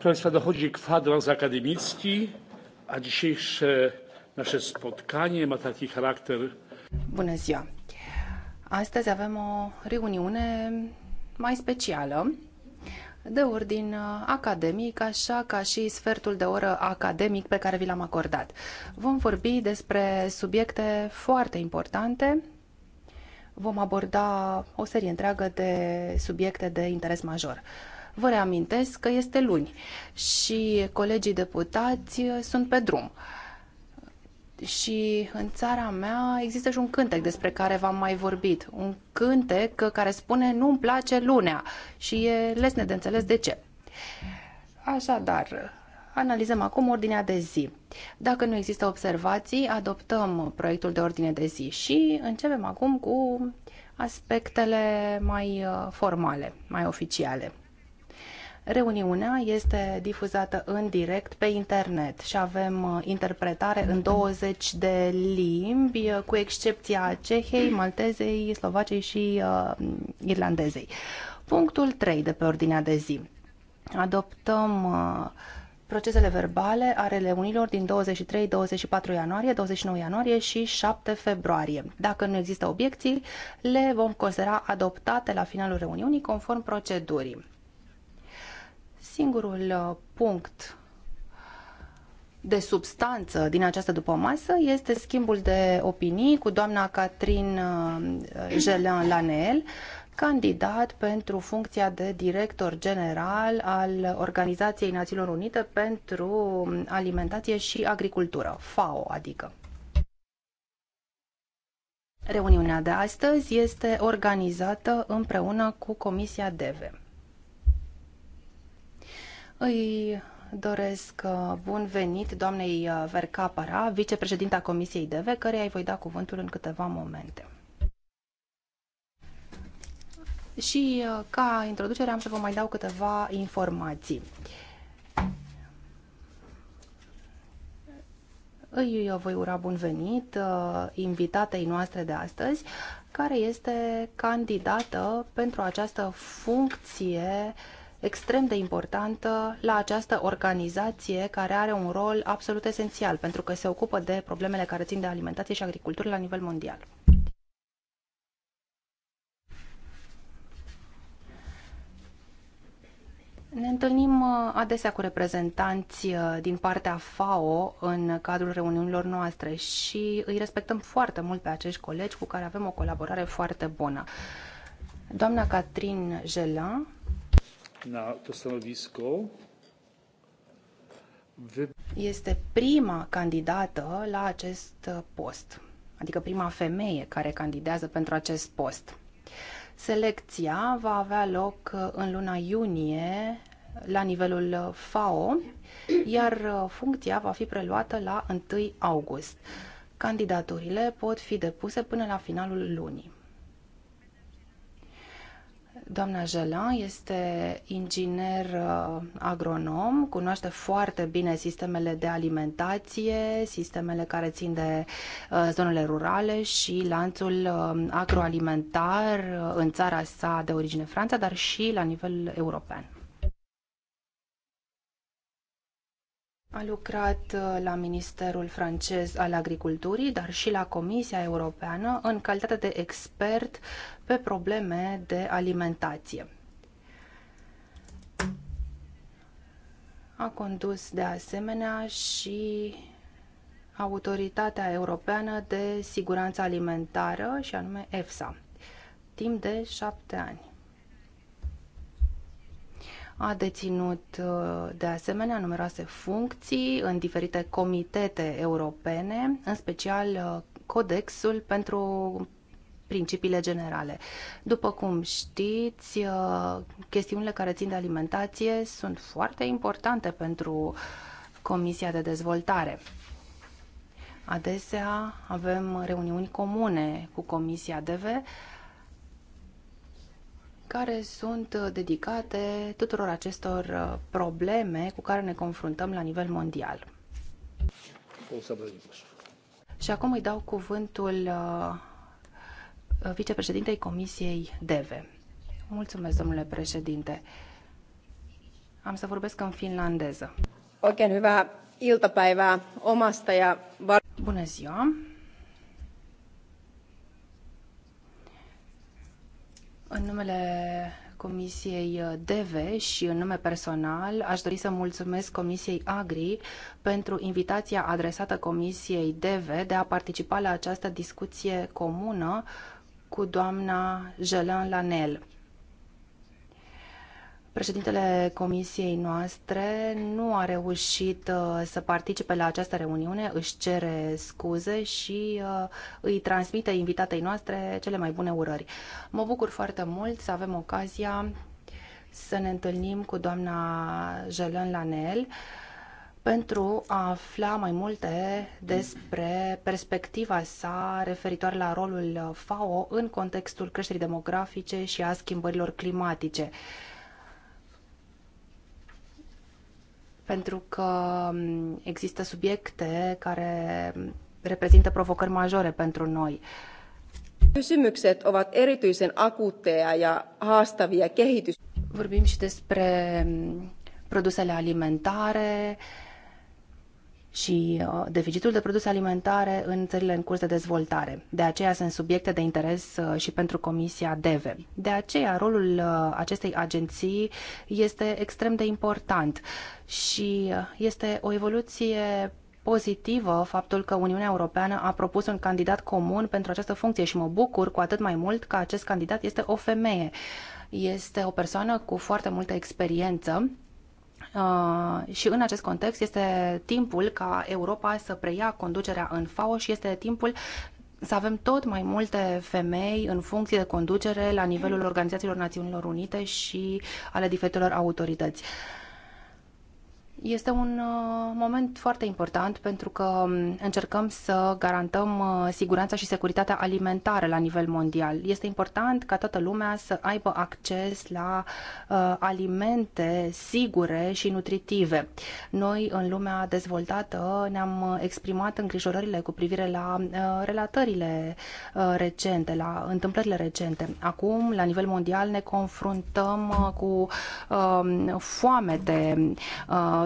Proszę Państwa, dochodzi kwadrans akademicki, a dzisiejsze nasze spotkanie ma taki charakter. Bună ziua! Astăzi avem o reuniune mai specială de ordin academic, așa ca și sfertul de oră academic pe care vi l-am acordat. Vom vorbi despre subiecte foarte importante. Vom aborda o serie întreagă de subiecte de interes major. Vă reamintesc că este luni și colegii deputați uh, sunt pe drum. Și în țara mea există și un cântec despre care v-am mai vorbit. Un cântec care spune nu-mi place lunea și e lesne de înțeles de ce. Așadar, analizăm acum ordinea de zi. Dacă nu există observații, adoptăm proiectul de ordine de zi și începem acum cu aspectele mai uh, formale, mai oficiale. Reuniunea este difuzată în direct pe internet și avem uh, interpretare în 20 de limbi, uh, cu excepția cehei, maltezei, slovacei și uh, irlandezei. Punctul 3 de pe ordinea de zi. Adoptăm uh, procesele verbale ale reuniunilor din 23-24 ianuarie, 29 ianuarie și 7 februarie. Dacă nu există obiecții, le vom considera adoptate la finalul reuniunii conform procedurii. Singurul uh, punct de substanță din această dupămasă este schimbul de opinii cu doamna Catherine Gelin uh, Lanel, candidat pentru funcția de director general al Organizației Națiunilor Unite pentru um, Alimentație și Agricultură, FAO adică. Reuniunea de astăzi este organizată împreună cu Comisia DEVE. Îi doresc uh, bun venit doamnei uh, Verca Para, vicepreședinta Comisiei DEVE, căreia îi voi da cuvântul în câteva momente. Și uh, ca introducere am să vă mai dau câteva informații. Îi voi ura bun venit invitatei noastre de astăzi, care este candidată pentru această funcție uh, extrem de importantă la această organizație care are un rol absolut esențial pentru că se ocupă de problemele care țin de alimentație și agricultură la nivel mondial. Ne întâlnim uh, adesea cu reprezentanți uh, din partea FAO în cadrul reuniunilor noastre și îi respectăm foarte mult pe acești colegi cu care avem o colaborare foarte bună. Doamna Catherine Gelin na to stanovisko. Este prima candidată la acest post, adică prima femeie care candidează pentru acest post. Selecția va avea loc în luna iunie la nivelul FAO, iar funcția va fi preluată la 1 august. Candidaturile pot fi depuse până la finalul lunii. Doamna Jelan este inginer uh, agronom, cunoaște foarte bine sistemele de alimentație, sistemele care țin de uh, zonele rurale și lanțul uh, agroalimentar în țara sa de origine Franța, dar și la nivel european. A lucrat uh, la Ministerul francez al Agriculturii, dar și la Comisia Europeană în calitate de expert pe probleme de alimentație. A condus de asemenea și Autoritatea Europeană de Siguranță Alimentară, și anume EFSA, timp de șapte ani. A deținut uh, de asemenea numeroase funcții în diferite comitete europene, în special uh, Codexul pentru principiile generale. După cum știți, uh, chestiunile care țin de alimentație sunt foarte importante pentru Comisia de Dezvoltare. Adesea avem reuniuni comune cu Comisia DV, care sunt uh, dedicate tuturor acestor uh, probleme cu care ne confruntăm la nivel mondial. Și acum îi dau cuvântul uh, vicepreședintei Comisiei DEVE. Mulțumesc, domnule președinte. Am să vorbesc în finlandeză. Oikein hyvää iltapäivää omasta ja... Bună ziua! În numele Comisiei uh, DEVE și în nume personal aș dori să mulțumesc Comisiei Agri pentru invitația adresată Comisiei DEVE de a participa la această discuție comună cu doamna Jelan Lanel. Președintele comisiei noastre nu a reușit uh, să participe la această reuniune, își cere scuze și uh, îi transmite invitatei noastre cele mai bune urări. Mă bucur foarte mult să avem ocazia să ne întâlnim cu doamna Jelen Lanel pentru a afla mai multe despre perspectiva sa referitoare la rolul uh, FAO în contextul creșterii demografice și a schimbărilor climatice. pentru că mm, există subiecte care reprezintă provocări majore pentru noi. Kysymykset ovat erityisen akuutteja ja haastavia kehitys. Vorbim și despre mm, produsele alimentare, și uh, deficitul de produse alimentare în țările în curs de dezvoltare. De aceea sunt subiecte de interes uh, și pentru Comisia DEVE. De aceea rolul uh, acestei agenții este extrem de important și este o evoluție pozitivă faptul că Uniunea Europeană a propus un candidat comun pentru această funcție și mă bucur cu atât mai mult că acest candidat este o femeie. Este o persoană cu foarte multă experiență Uh, și în acest context este timpul ca Europa să preia conducerea în FAO și este timpul să avem tot mai multe femei în funcție de conducere la nivelul Organizațiilor Națiunilor Unite și ale diferitelor autorități. Este un uh, moment foarte important pentru că um, încercăm să garantăm uh, siguranța și securitatea alimentară la nivel mondial. Este important ca toată lumea să aibă acces la uh, alimente sigure și nutritive. Noi, în lumea dezvoltată, ne-am uh, exprimat îngrijorările cu privire la uh, relatările uh, recente, la întâmplările recente. Acum, la nivel mondial, ne confruntăm cu um, foamete,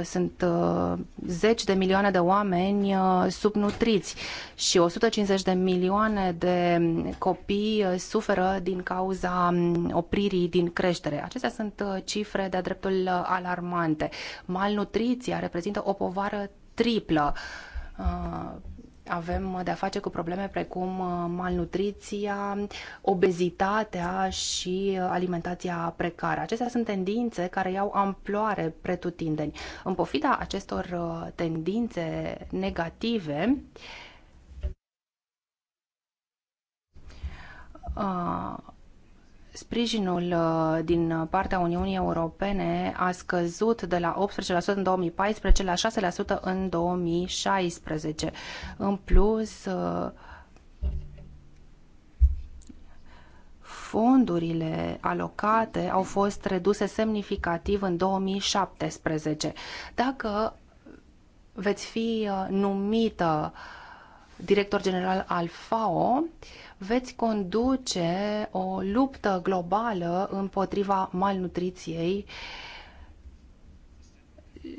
sunt uh, zeci de milioane de oameni uh, subnutriți și 150 de milioane de copii uh, suferă din cauza um, opririi din creștere. Acestea sunt cifre de-a dreptul alarmante. Malnutriția reprezintă o povară triplă avem de-a face cu probleme precum uh, malnutriția, obezitatea și uh, alimentația precară. Acestea sunt tendințe care iau amploare pretutindeni. În pofida acestor uh, tendințe negative, uh, sprijinul uh, din partea Uniunii Europene a scăzut de la 18% în 2014 la 6% în 2016. În plus, uh, fondurile alocate au fost reduse semnificativ în 2017. Dacă veți fi uh, numită director general al FAO, uh, veți conduce o luptă globală împotriva malnutriției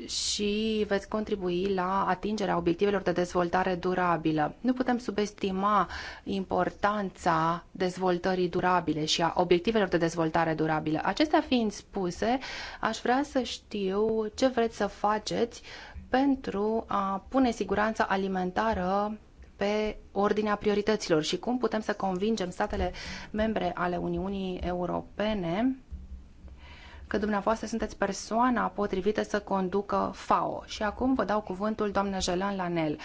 și veți contribui la atingerea obiectivelor de dezvoltare durabilă. Nu putem subestima importanța dezvoltării durabile și a obiectivelor de dezvoltare durabilă. Acestea fiind spuse, aș vrea să știu ce vreți să faceți pentru a pune siguranța alimentară pe ordinea priorităților și cum putem să convingem statele membre ale Uniunii Europene că dumneavoastră sunteți persoana potrivită să conducă FAO. Și acum vă dau cuvântul doamnă Jelan Lanel.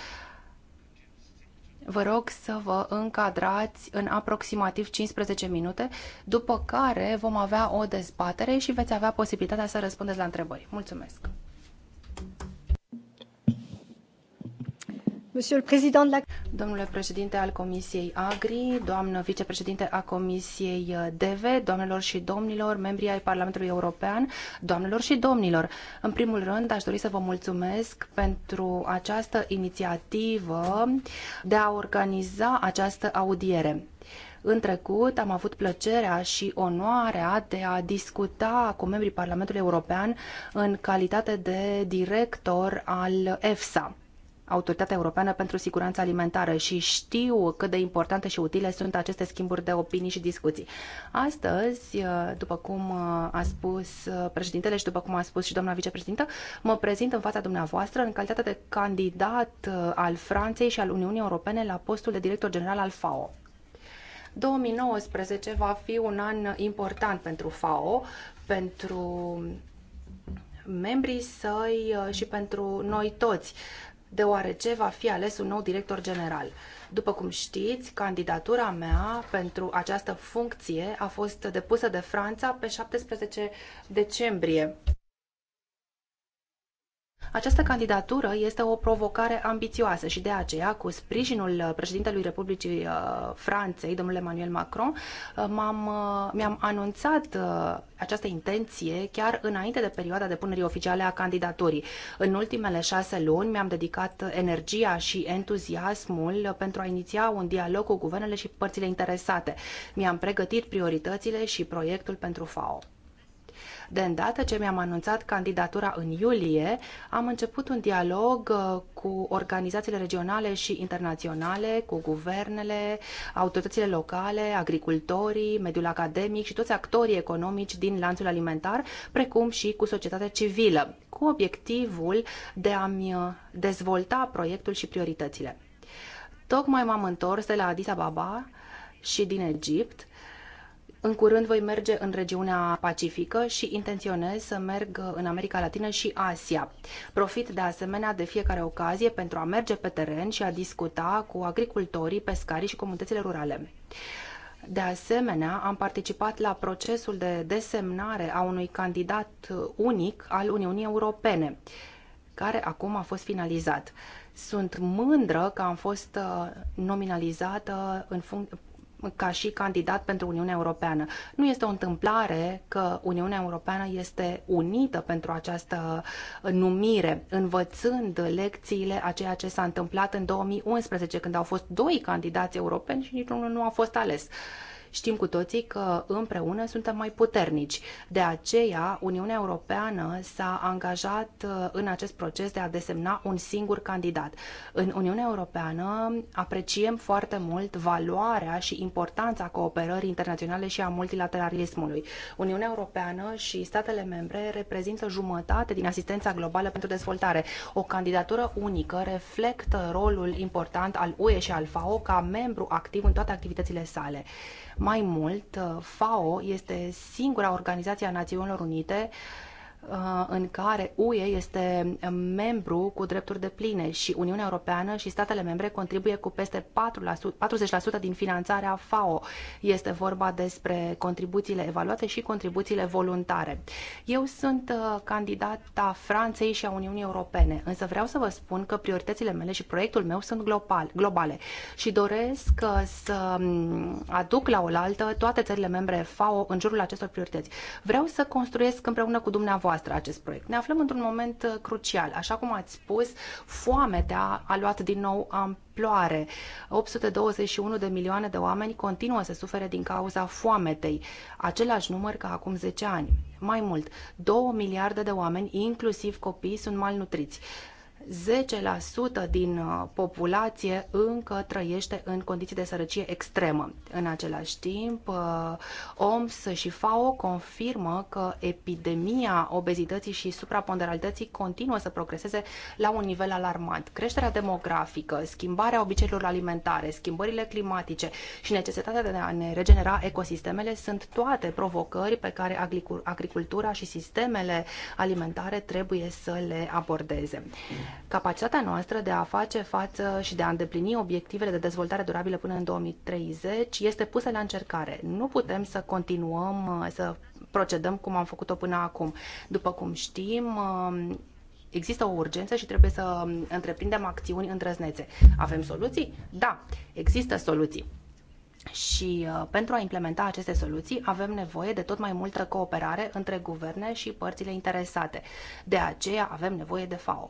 Vă rog să vă încadrați în aproximativ 15 minute, după care vom avea o dezbatere și veți avea posibilitatea să răspundeți la întrebări. Mulțumesc! Monsieur le Président de la... Domnule președinte al Comisiei Agri, doamnă vicepreședinte a Comisiei uh, DEVE, doamnelor și domnilor, membri ai Parlamentului European, doamnelor și domnilor, în primul rând aș dori să vă mulțumesc pentru această inițiativă de a organiza această audiere. În trecut am avut plăcerea și onoarea de a discuta cu membrii Parlamentului European în calitate de director al EFSA Autoritatea Europeană pentru Siguranța Alimentară și știu cât de importante și utile sunt aceste schimburi de opinii și discuții. Astăzi, uh, după cum uh, a spus uh, președintele și după cum a spus și doamna vicepreședintă, mă prezint în fața dumneavoastră în calitate de candidat al Franței și al Uniunii Europene la postul de director general al FAO. 2019 va fi un an important pentru FAO, pentru membrii săi și pentru noi toți, deoarece va fi ales un nou director general. După cum știți, candidatura mea pentru această funcție a fost depusă de Franța pe 17 decembrie. Această candidatură este o provocare ambițioasă și de aceea, cu sprijinul uh, președintelui Republicii uh, Franței, domnul Emmanuel Macron, uh, m-am, mi-am anunțat această intenție chiar înainte de perioada depunerii oficiale a candidaturii. În ultimele șase luni mi-am dedicat energia și entuziasmul pentru a iniția un dialog cu guvernele și părțile interesate. Mi-am pregătit prioritățile și proiectul pentru FAO. De îndată ce mi-am anunțat candidatura în iulie, am început un dialog uh, cu organizațiile regionale și internaționale, cu guvernele, autoritățile locale, agricultorii, mediul academic și toți actorii economici din lanțul alimentar, precum și cu societatea civilă, cu obiectivul de a-mi uh, dezvolta proiectul și prioritățile. Tocmai m-am întors de la Addis Ababa și din Egipt în curând voi merge în regiunea Pacifică și intenționez să merg în America Latină și Asia. Profit de asemenea de fiecare ocazie pentru a merge pe teren și a discuta cu agricultorii, pescarii și comunitățile rurale. De asemenea, am participat la procesul de desemnare a unui candidat unic al Uniunii Europene, care acum a fost finalizat. Sunt mândră că am fost uh, nominalizată în func- ca și candidat pentru Uniunea Europeană. Nu este o întâmplare că Uniunea Europeană este unită pentru această numire, învățând lecțiile a ceea ce s-a întâmplat în 2011, când au fost doi candidați europeni și niciunul nu a fost ales. Știm cu toții că împreună suntem mai puternici. De aceea, Uniunea Europeană s-a angajat uh, în acest proces de a desemna un singur candidat. În Uniunea Europeană apreciem foarte mult valoarea și importanța cooperării internaționale și a multilateralismului. Uniunea Europeană și statele membre reprezintă jumătate din asistența globală pentru dezvoltare. O candidatură unică reflectă rolul important al UE și al FAO ca membru activ în toate activitățile sale. Mai mult, uh, FAO este singura organizație a Națiunilor Unite Uh, în care UE este uh, membru cu drepturi de pline și Uniunea Europeană și statele membre contribuie cu peste 40% din finanțarea FAO. Este vorba despre contribuțiile evaluate și contribuțiile voluntare. Eu sunt uh, candidata Franței și a Uniunii Europene, însă vreau să vă spun că prioritățile mele și proiectul meu sunt global, globale și doresc să um, aduc la oaltă toate țările membre FAO în jurul acestor priorități. Vreau să construiesc împreună cu dumneavoastră dumneavoastră acest proiect. Ne aflăm într-un moment uh, crucial. Așa cum ați spus, foametea a luat din nou amploare. 821 de milioane de oameni continuă să sufere din cauza foametei, același număr ca acum 10 ani. Mai mult, 2 miliarde de oameni, inclusiv copii, sunt malnutriți. 10% din uh, populație încă trăiește în condiții de sărăcie extremă. În același timp, uh, OMS și FAO confirmă că epidemia obezității și supraponderalității continuă să progreseze la un nivel alarmant. Creșterea demografică, schimbarea obiceiurilor alimentare, schimbările climatice și necesitatea de a ne regenera ecosistemele sunt toate provocări pe care agricultura și sistemele alimentare trebuie să le abordeze. Capacitatea noastră de a face față și de a îndeplini obiectivele de dezvoltare durabilă până în 2030 este pusă la încercare. Nu putem să continuăm uh, să procedăm cum am făcut-o până acum. După cum știm, uh, Există o urgență și trebuie să um, întreprindem acțiuni îndrăznețe. Avem soluții? Da, există soluții. Și uh, pentru a implementa aceste soluții avem nevoie de tot mai multă cooperare între guverne și părțile interesate. De aceea avem nevoie de FAO.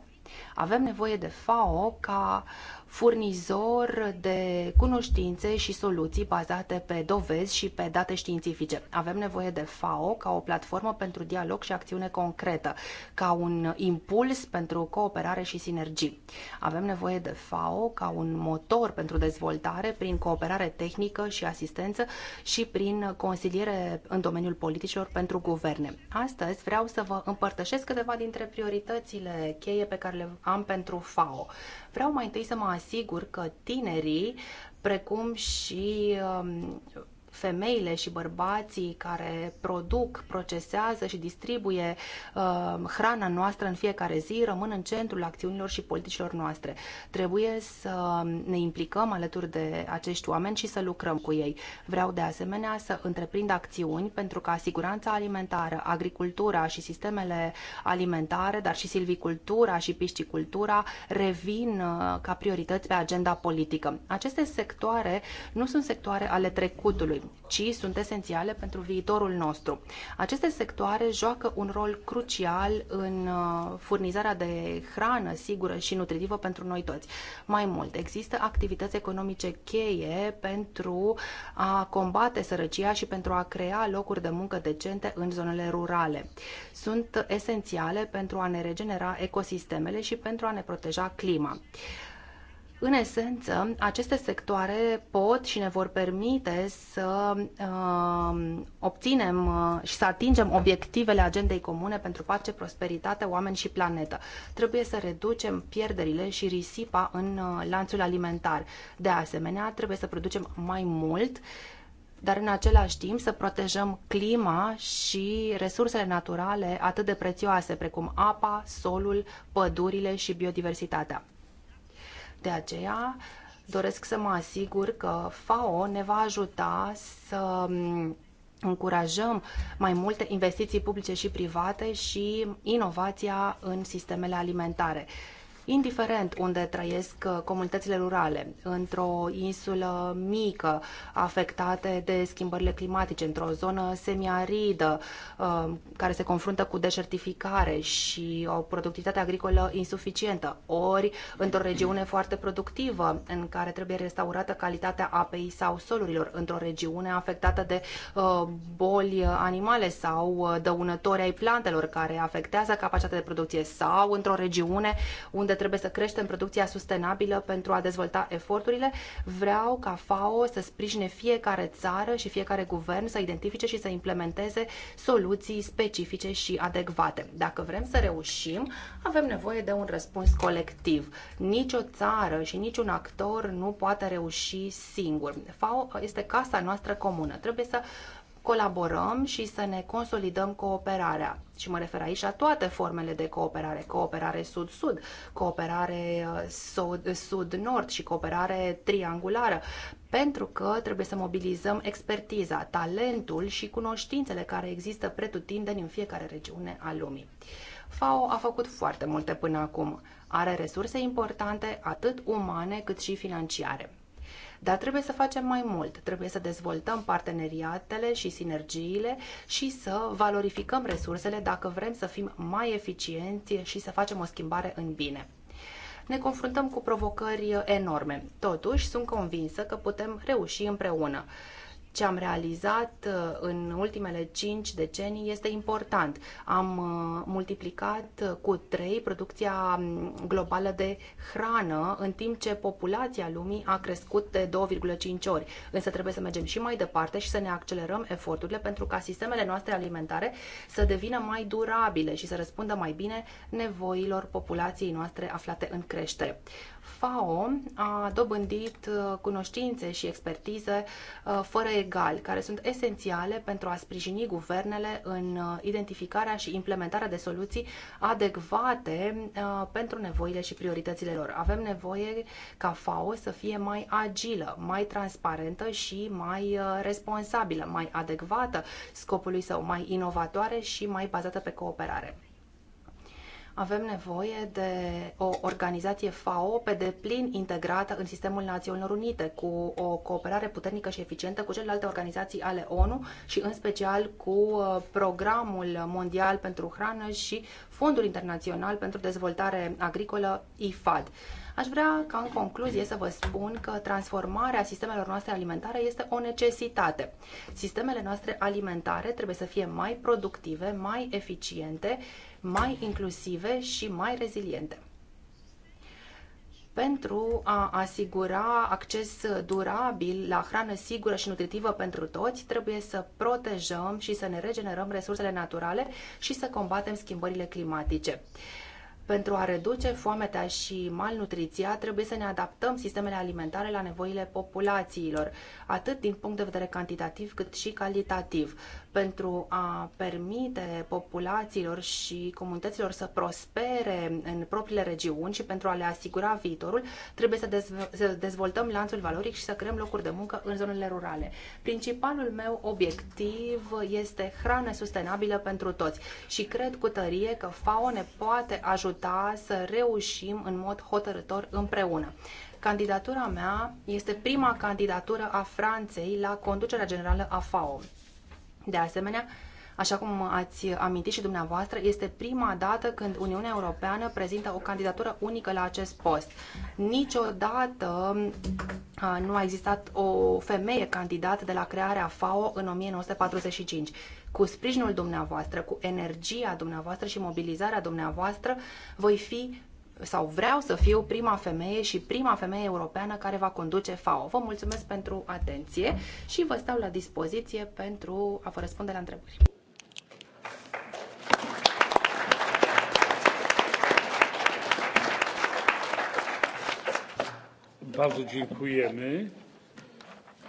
Avem nevoie de FAO ca furnizor de cunoștințe și soluții bazate pe dovezi și pe date științifice. Avem nevoie de FAO ca o platformă pentru dialog și acțiune concretă, ca un impuls pentru cooperare și sinergii. Avem nevoie de FAO ca un motor pentru dezvoltare prin cooperare tehnică și asistență și prin consiliere în domeniul politicilor pentru guverne. Astăzi vreau să vă împărtășesc câteva dintre prioritățile cheie pe care le am pentru FAO vreau mai întâi să mă asigur că tinerii, precum și um, femeile și bărbații care produc, procesează și distribuie uh, hrana noastră în fiecare zi rămân în centrul acțiunilor și politicilor noastre. Trebuie să ne implicăm alături de acești oameni și să lucrăm cu ei. Vreau de asemenea să întreprind acțiuni pentru ca siguranța alimentară, agricultura și sistemele alimentare, dar și silvicultura și piscicultura revin uh, ca priorități pe agenda politică. Aceste sectoare nu sunt sectoare ale trecutului ci sunt esențiale pentru viitorul nostru. Aceste sectoare joacă un rol crucial în uh, furnizarea de hrană sigură și nutritivă pentru noi toți. Mai mult, există activități economice cheie pentru a combate sărăcia și pentru a crea locuri de muncă decente în zonele rurale. Sunt esențiale pentru a ne regenera ecosistemele și pentru a ne proteja climatul. În esență, aceste sectoare pot și ne vor permite să um, uh, obținem și să atingem obiectivele agendei comune pentru pace, prosperitate, oameni și planetă. Trebuie să reducem pierderile și risipa în uh, lanțul alimentar. De asemenea, trebuie să producem mai mult dar în același timp să protejăm clima și resursele naturale atât de prețioase, precum apa, solul, pădurile și biodiversitatea. De aceea doresc să mă asigur că FAO ne va ajuta să mm, încurajăm mai multe investiții publice și private și inovația în sistemele alimentare indiferent unde trăiesc uh, comunitățile rurale, într-o insulă mică afectate de schimbările climatice, într-o zonă semiaridă uh, care se confruntă cu deșertificare și o productivitate agricolă insuficientă, ori într-o regiune foarte productivă în care trebuie restaurată calitatea apei sau solurilor, într-o regiune afectată de uh, boli animale sau dăunători ai plantelor care afectează capacitatea de producție sau într-o regiune unde trebuie să creștem producția sustenabilă pentru a dezvolta eforturile. Vreau ca FAO să sprijine fiecare țară și fiecare guvern să identifice și să implementeze soluții specifice și adecvate. Dacă vrem să reușim, avem nevoie de un răspuns colectiv. Nici o țară și niciun actor nu poate reuși singur. FAO este casa noastră comună. Trebuie să colaborăm și să ne consolidăm cooperarea. Și mă refer aici la toate formele de cooperare, cooperare sud-sud, cooperare uh, sud-nord și cooperare triangulară, pentru că trebuie să mobilizăm expertiza, talentul și cunoștințele care există pretutindeni în fiecare regiune a lumii. FAO a făcut foarte multe până acum. Are resurse importante, atât umane cât și financiare. Dar trebuie să facem mai mult, trebuie să dezvoltăm parteneriatele și sinergiile și să valorificăm resursele dacă vrem să fim mai eficienți și să facem o schimbare în bine ne confruntăm cu provocări enorme. Totuși, sunt convinsă că putem reuși împreună ce am realizat uh, în ultimele 5 decenii este important. Am uh, multiplicat uh, cu 3 producția mm, globală de hrană, în timp ce populația lumii a crescut de 2,5 ori. Însă trebuie să mergem și mai departe și să ne accelerăm eforturile pentru ca sistemele noastre alimentare să devină mai durabile și să răspundă mai bine nevoilor populației noastre aflate în creștere. FAO a dobândit uh, cunoștințe și expertize uh, fără egal, care sunt esențiale pentru a sprijini guvernele în uh, identificarea și implementarea de soluții adecvate pentru nevoile și prioritățile lor. Avem nevoie ca FAO să fie mai agilă, mai transparentă și mai responsabilă, mai adecvată scopului său, mai inovatoare și mai bazată pe cooperare. Avem nevoie de o organizație FAO pe deplin integrată în sistemul Națiunilor Unite, cu o cooperare puternică și eficientă cu celelalte organizații ale ONU și în special cu uh, Programul Mondial pentru Hrană și Fondul Internațional pentru Dezvoltare Agricolă, IFAD. Aș vrea ca în concluzie să vă spun că transformarea sistemelor noastre alimentare este o necesitate. Sistemele noastre alimentare trebuie să fie mai productive, mai eficiente mai inclusive și mai reziliente pentru a asigura acces durabil la hrană sigură și nutritivă pentru toți, trebuie să protejăm și să ne regenerăm resursele naturale și să combatem schimbările climatice. Pentru a reduce foametea și malnutriția, trebuie să ne adaptăm sistemele alimentare la nevoile populațiilor, atât din punct de vedere cantitativ cât și calitativ pentru a permite populațiilor și comunităților să prospere în propriile regiuni și pentru a le asigura viitorul, trebuie să, dezv- să dezvoltăm lanțul valoric și să creăm locuri de muncă în zonele rurale. Principalul meu obiectiv este hrană sustenabilă pentru toți și cred cu tărie că FAO ne poate ajuta să reușim în mod hotărător împreună. Candidatura mea este prima candidatură a Franței la conducerea generală a FAO. De asemenea, Așa cum ați amintit și dumneavoastră, este prima dată când Uniunea Europeană prezintă o candidatură unică la acest post. Niciodată nu a existat o femeie candidată de la crearea FAO în 1945. Cu sprijinul dumneavoastră, cu energia dumneavoastră și mobilizarea dumneavoastră, voi fi sau vreau să fiu prima femeie și prima femeie europeană care va conduce FAO. Vă mulțumesc pentru atenție și vă stau la dispoziție pentru a vă răspunde la întrebări. Bardzo dziękujemy.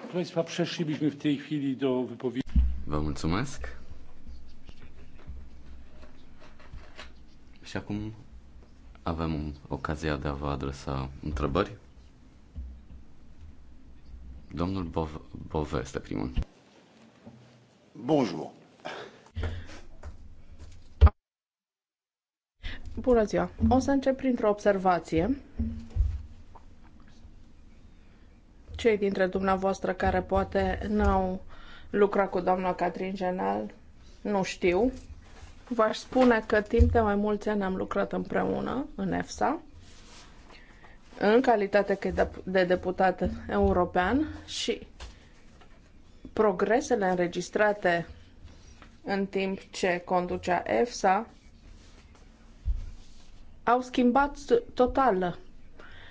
Proszę Państwa, przeszlibyśmy w tej chwili do wypowiedzi. Wam mulțumesc. Și acum avem ocazia de a vă adresa întrebări. Domnul Bov Bove este primul. Bonjour! Bună ziua! O să încep printr-o observație. Cei dintre dumneavoastră care poate n-au lucrat cu doamna Catrin Genal, nu știu, V-aș spune că timp de mai mulți ani am lucrat împreună în EFSA, în calitate de deputat european și progresele înregistrate în timp ce conducea EFSA au schimbat total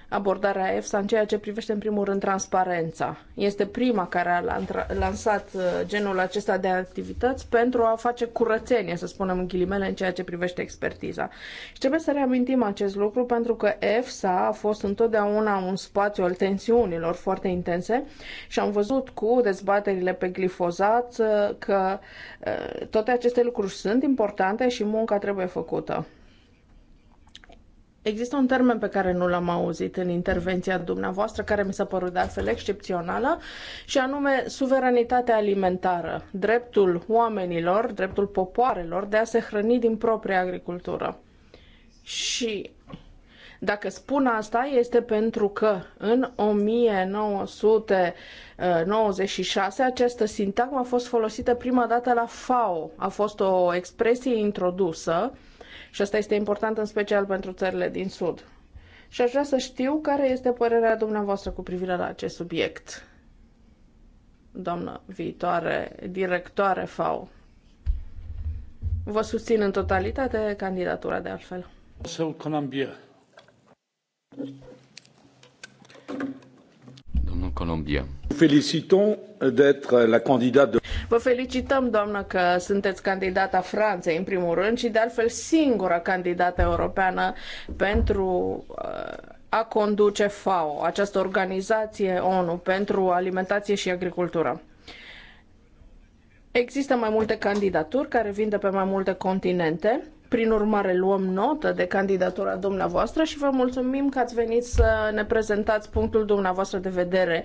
abordarea EFSA în ceea ce privește, în primul rând, transparența. Este prima care a lansat uh, genul acesta de activități pentru a face curățenie, să spunem în ghilimele, în ceea ce privește expertiza. Și trebuie să reamintim acest lucru pentru că EFSA a fost întotdeauna un spațiu al tensiunilor foarte intense și am văzut cu dezbaterile pe glifozat uh, că uh, toate aceste lucruri sunt importante și munca trebuie făcută. Există un termen pe care nu l-am auzit în intervenția dumneavoastră, care mi s-a părut de altfel excepțională, și anume suveranitatea alimentară, dreptul oamenilor, dreptul popoarelor de a se hrăni din propria agricultură. Și dacă spun asta, este pentru că în 1996 uh, această sintagmă a fost folosită prima dată la FAO. A fost o expresie introdusă și asta este important în special pentru țările din Sud. Și aș vrea să știu care este părerea dumneavoastră cu privire la acest subiect, doamnă viitoare directoare FAO. Vă susțin în totalitate candidatura de altfel. Domnul Columbia. Felicităm d'être la de. Vă felicităm, doamnă, că sunteți candidata Franței, în primul rând, și de altfel singura candidată europeană pentru uh, a conduce FAO, această organizație ONU pentru alimentație și agricultură. Există mai multe candidaturi care vin de pe mai multe continente prin urmare, luăm notă de candidatura dumneavoastră și vă mulțumim că ați venit să ne prezentați punctul dumneavoastră de vedere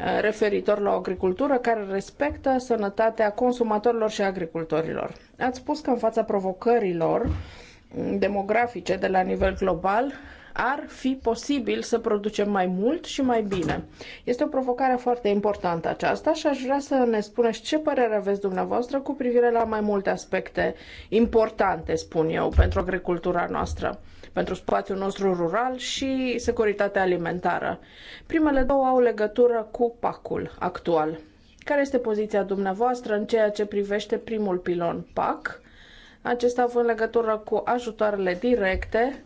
uh, referitor la o agricultură care respectă sănătatea consumatorilor și agricultorilor. Ați spus că în fața provocărilor mm, demografice de la nivel global, ar fi posibil să producem mai mult și mai bine. Este o provocare foarte importantă aceasta și aș vrea să ne spuneți ce părere aveți dumneavoastră cu privire la mai multe aspecte importante, spun eu, pentru agricultura noastră pentru spațiul nostru rural și securitatea alimentară. Primele două au legătură cu pacul actual. Care este poziția dumneavoastră în ceea ce privește primul pilon PAC? Acesta având legătură cu ajutoarele directe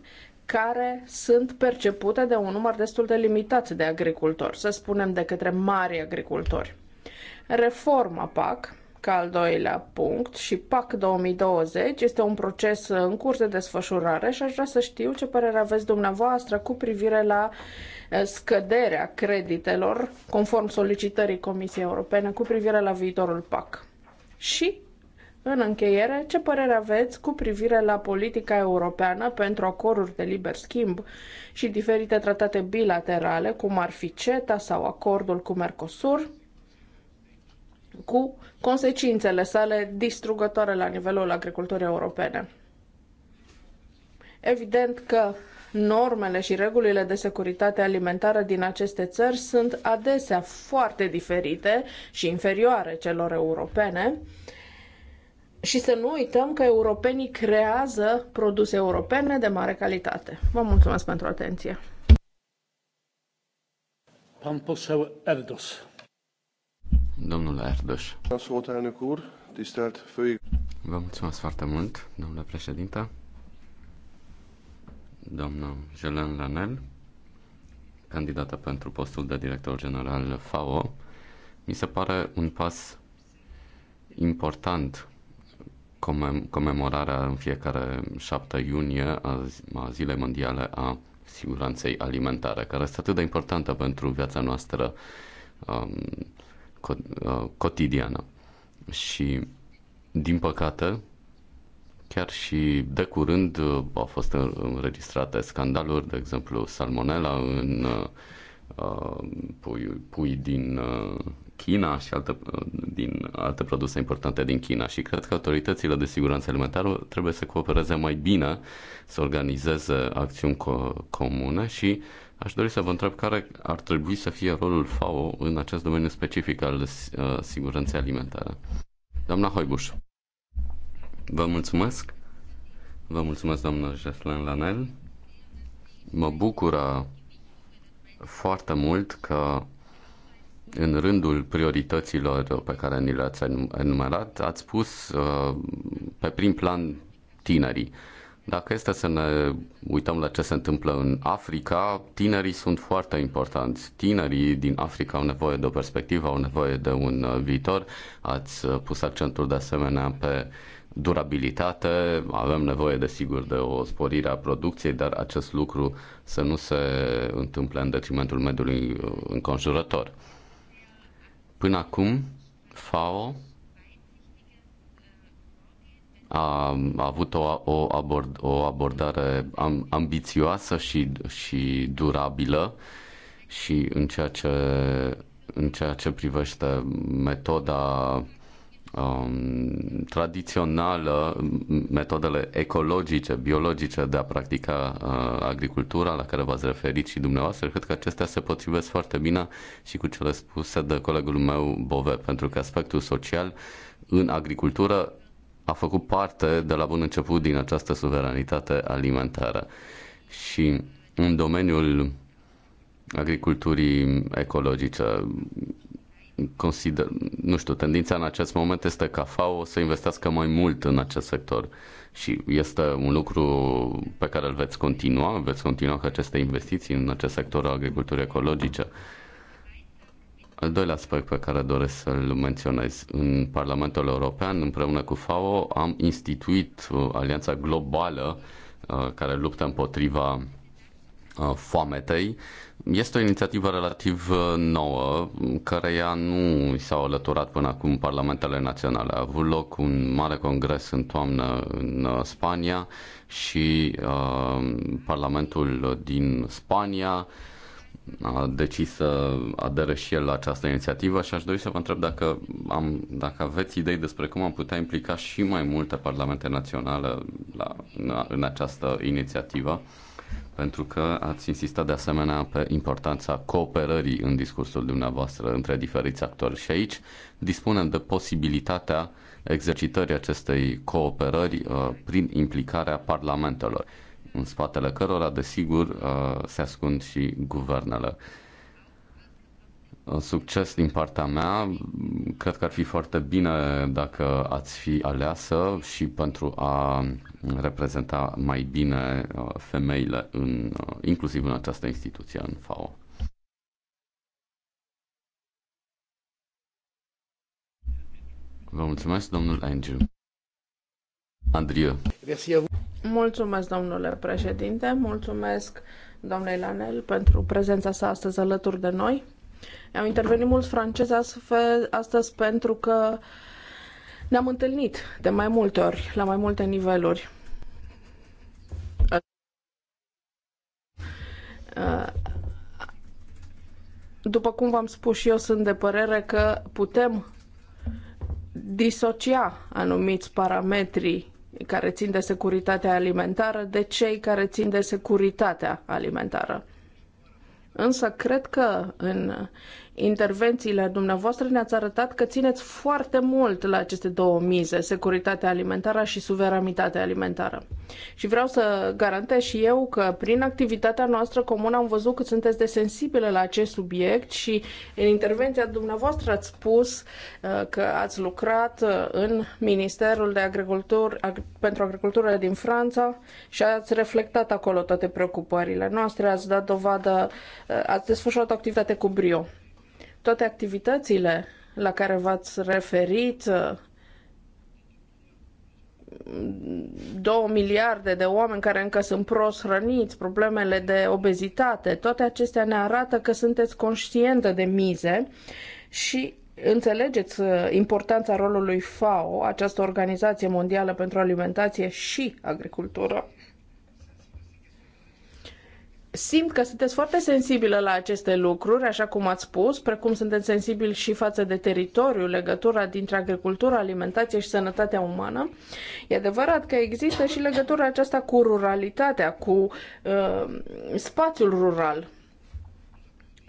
care sunt percepute de un număr destul de limitat de agricultori, să spunem de către mari agricultori. Reforma PAC, ca al doilea punct, și PAC 2020 este un proces în curs de desfășurare și aș vrea să știu ce părere aveți dumneavoastră cu privire la eh, scăderea creditelor conform solicitării Comisiei Europene cu privire la viitorul PAC. Și în încheiere, ce părere aveți cu privire la politica europeană pentru acorduri de liber schimb și diferite tratate bilaterale, cum ar fi CETA sau acordul cu Mercosur, cu consecințele sale distrugătoare la nivelul agriculturii europene? Evident că normele și regulile de securitate alimentară din aceste țări sunt adesea foarte diferite și inferioare celor europene, și să nu uităm că europenii creează produse europene de mare calitate. Vă mulțumesc pentru atenție. Pan Erdos. Domnule Erdos. Vă mulțumesc foarte mult, domnule președinte. Domnul Jelen Lanel, candidată pentru postul de director general FAO, mi se pare un pas important comem- comemorarea în fiecare 7 iunie a, a Zilei Mondiale a Siguranței Alimentare, care este atât de importantă pentru viața noastră um, co- uh, cotidiană. Și, din păcate, chiar și de curând uh, au fost înregistrate scandaluri, de exemplu salmonella în uh, uh pui, pui din, uh, China și alte, din alte produse importante din China și cred că autoritățile de siguranță alimentară trebuie să coopereze mai bine, să organizeze acțiuni co- comune și aș dori să vă întreb care ar trebui să fie rolul FAO în acest domeniu specific al uh, siguranței alimentare. Doamna Hoibuș, vă mulțumesc. Vă mulțumesc, doamnă Jeslen Lanel. Mă bucură foarte mult că în rândul priorităților pe care ni le-ați enumerat, ați pus uh, pe prim plan tinerii. Dacă este să ne uităm la ce se întâmplă în Africa, tinerii sunt foarte importanți. Tinerii din Africa au nevoie de o perspectivă, au nevoie de un uh, viitor. Ați uh, pus accentul de asemenea pe durabilitate, avem nevoie de sigur de o sporire a producției, dar acest lucru să nu se întâmple în detrimentul mediului înconjurător. Până acum, FAO a, avut o, o, abord, o abordare am, ambițioasă și, și durabilă și în ceea ce, în ceea ce privește metoda um, tradițională, metodele ecologice, biologice de a practica uh, agricultura, la care v-ați referit și dumneavoastră, cred că acestea se potrivesc foarte bine și cu cele spuse de colegul meu Bove, pentru că aspectul social în agricultură a făcut parte de la bun început din această suveranitate alimentară. Și în domeniul agriculturii ecologice consider, nu știu, tendința în acest moment este ca FAO să investească mai mult în acest sector și este un lucru pe care îl veți continua, veți continua cu aceste investiții în acest sector al agriculturii ecologice. Al doilea aspect pe care doresc să-l menționez, în Parlamentul European, împreună cu FAO, am instituit uh, alianța globală uh, care luptă împotriva Uh, foametei. Este o inițiativă relativ uh, nouă, care ea nu s-au alăturat până acum parlamentele naționale. A avut loc un mare congres în toamnă în uh, Spania și uh, Parlamentul din Spania a decis să adere și el la această inițiativă și aș dori să vă întreb dacă, am, dacă aveți idei despre cum am putea implica și mai multe parlamente naționale la, în, în această inițiativă pentru că ați insistat de asemenea pe importanța cooperării în discursul dumneavoastră între diferiți actori și aici dispunem de posibilitatea exercitării acestei cooperări uh, prin implicarea parlamentelor, în spatele cărora, desigur, uh, se ascund și guvernele. Uh, succes din partea mea. Cred că ar fi foarte bine dacă ați fi aleasă și pentru a reprezenta mai bine uh, femeile, în, uh, inclusiv în această instituție, în FAO. Vă mulțumesc, domnul Andrew. Andrieu. Mulțumesc, domnule președinte. Mulțumesc, domnule Lanel, pentru prezența sa astăzi alături de noi. Au intervenit mulți francezi astăzi pentru că ne-am întâlnit de mai multe ori, la mai multe niveluri. După cum v-am spus și eu, sunt de părere că putem disocia anumiți parametri care țin de securitatea alimentară de cei care țin de securitatea alimentară. Însă cred că în intervențiile dumneavoastră ne-ați arătat că țineți foarte mult la aceste două mize, securitatea alimentară și suveranitatea alimentară. Și vreau să garantez și eu că prin activitatea noastră comună am văzut că sunteți de sensibile la acest subiect și în intervenția dumneavoastră ați spus uh, că ați lucrat uh, în Ministerul de Agricultură, pentru Agricultură din Franța și ați reflectat acolo toate preocupările noastre, ați dat dovadă, uh, ați desfășurat o activitate cu brio. Toate activitățile la care v-ați referit, două miliarde de oameni care încă sunt prost hrăniți, problemele de obezitate, toate acestea ne arată că sunteți conștientă de mize și înțelegeți uh, importanța rolului FAO, această organizație mondială pentru alimentație și agricultură. Simt că sunteți foarte sensibilă la aceste lucruri, așa cum ați spus, precum sunteți sensibili și față de teritoriu, legătura dintre agricultură, alimentație și sănătatea umană. E adevărat că există și legătura aceasta cu ruralitatea, cu uh, spațiul rural.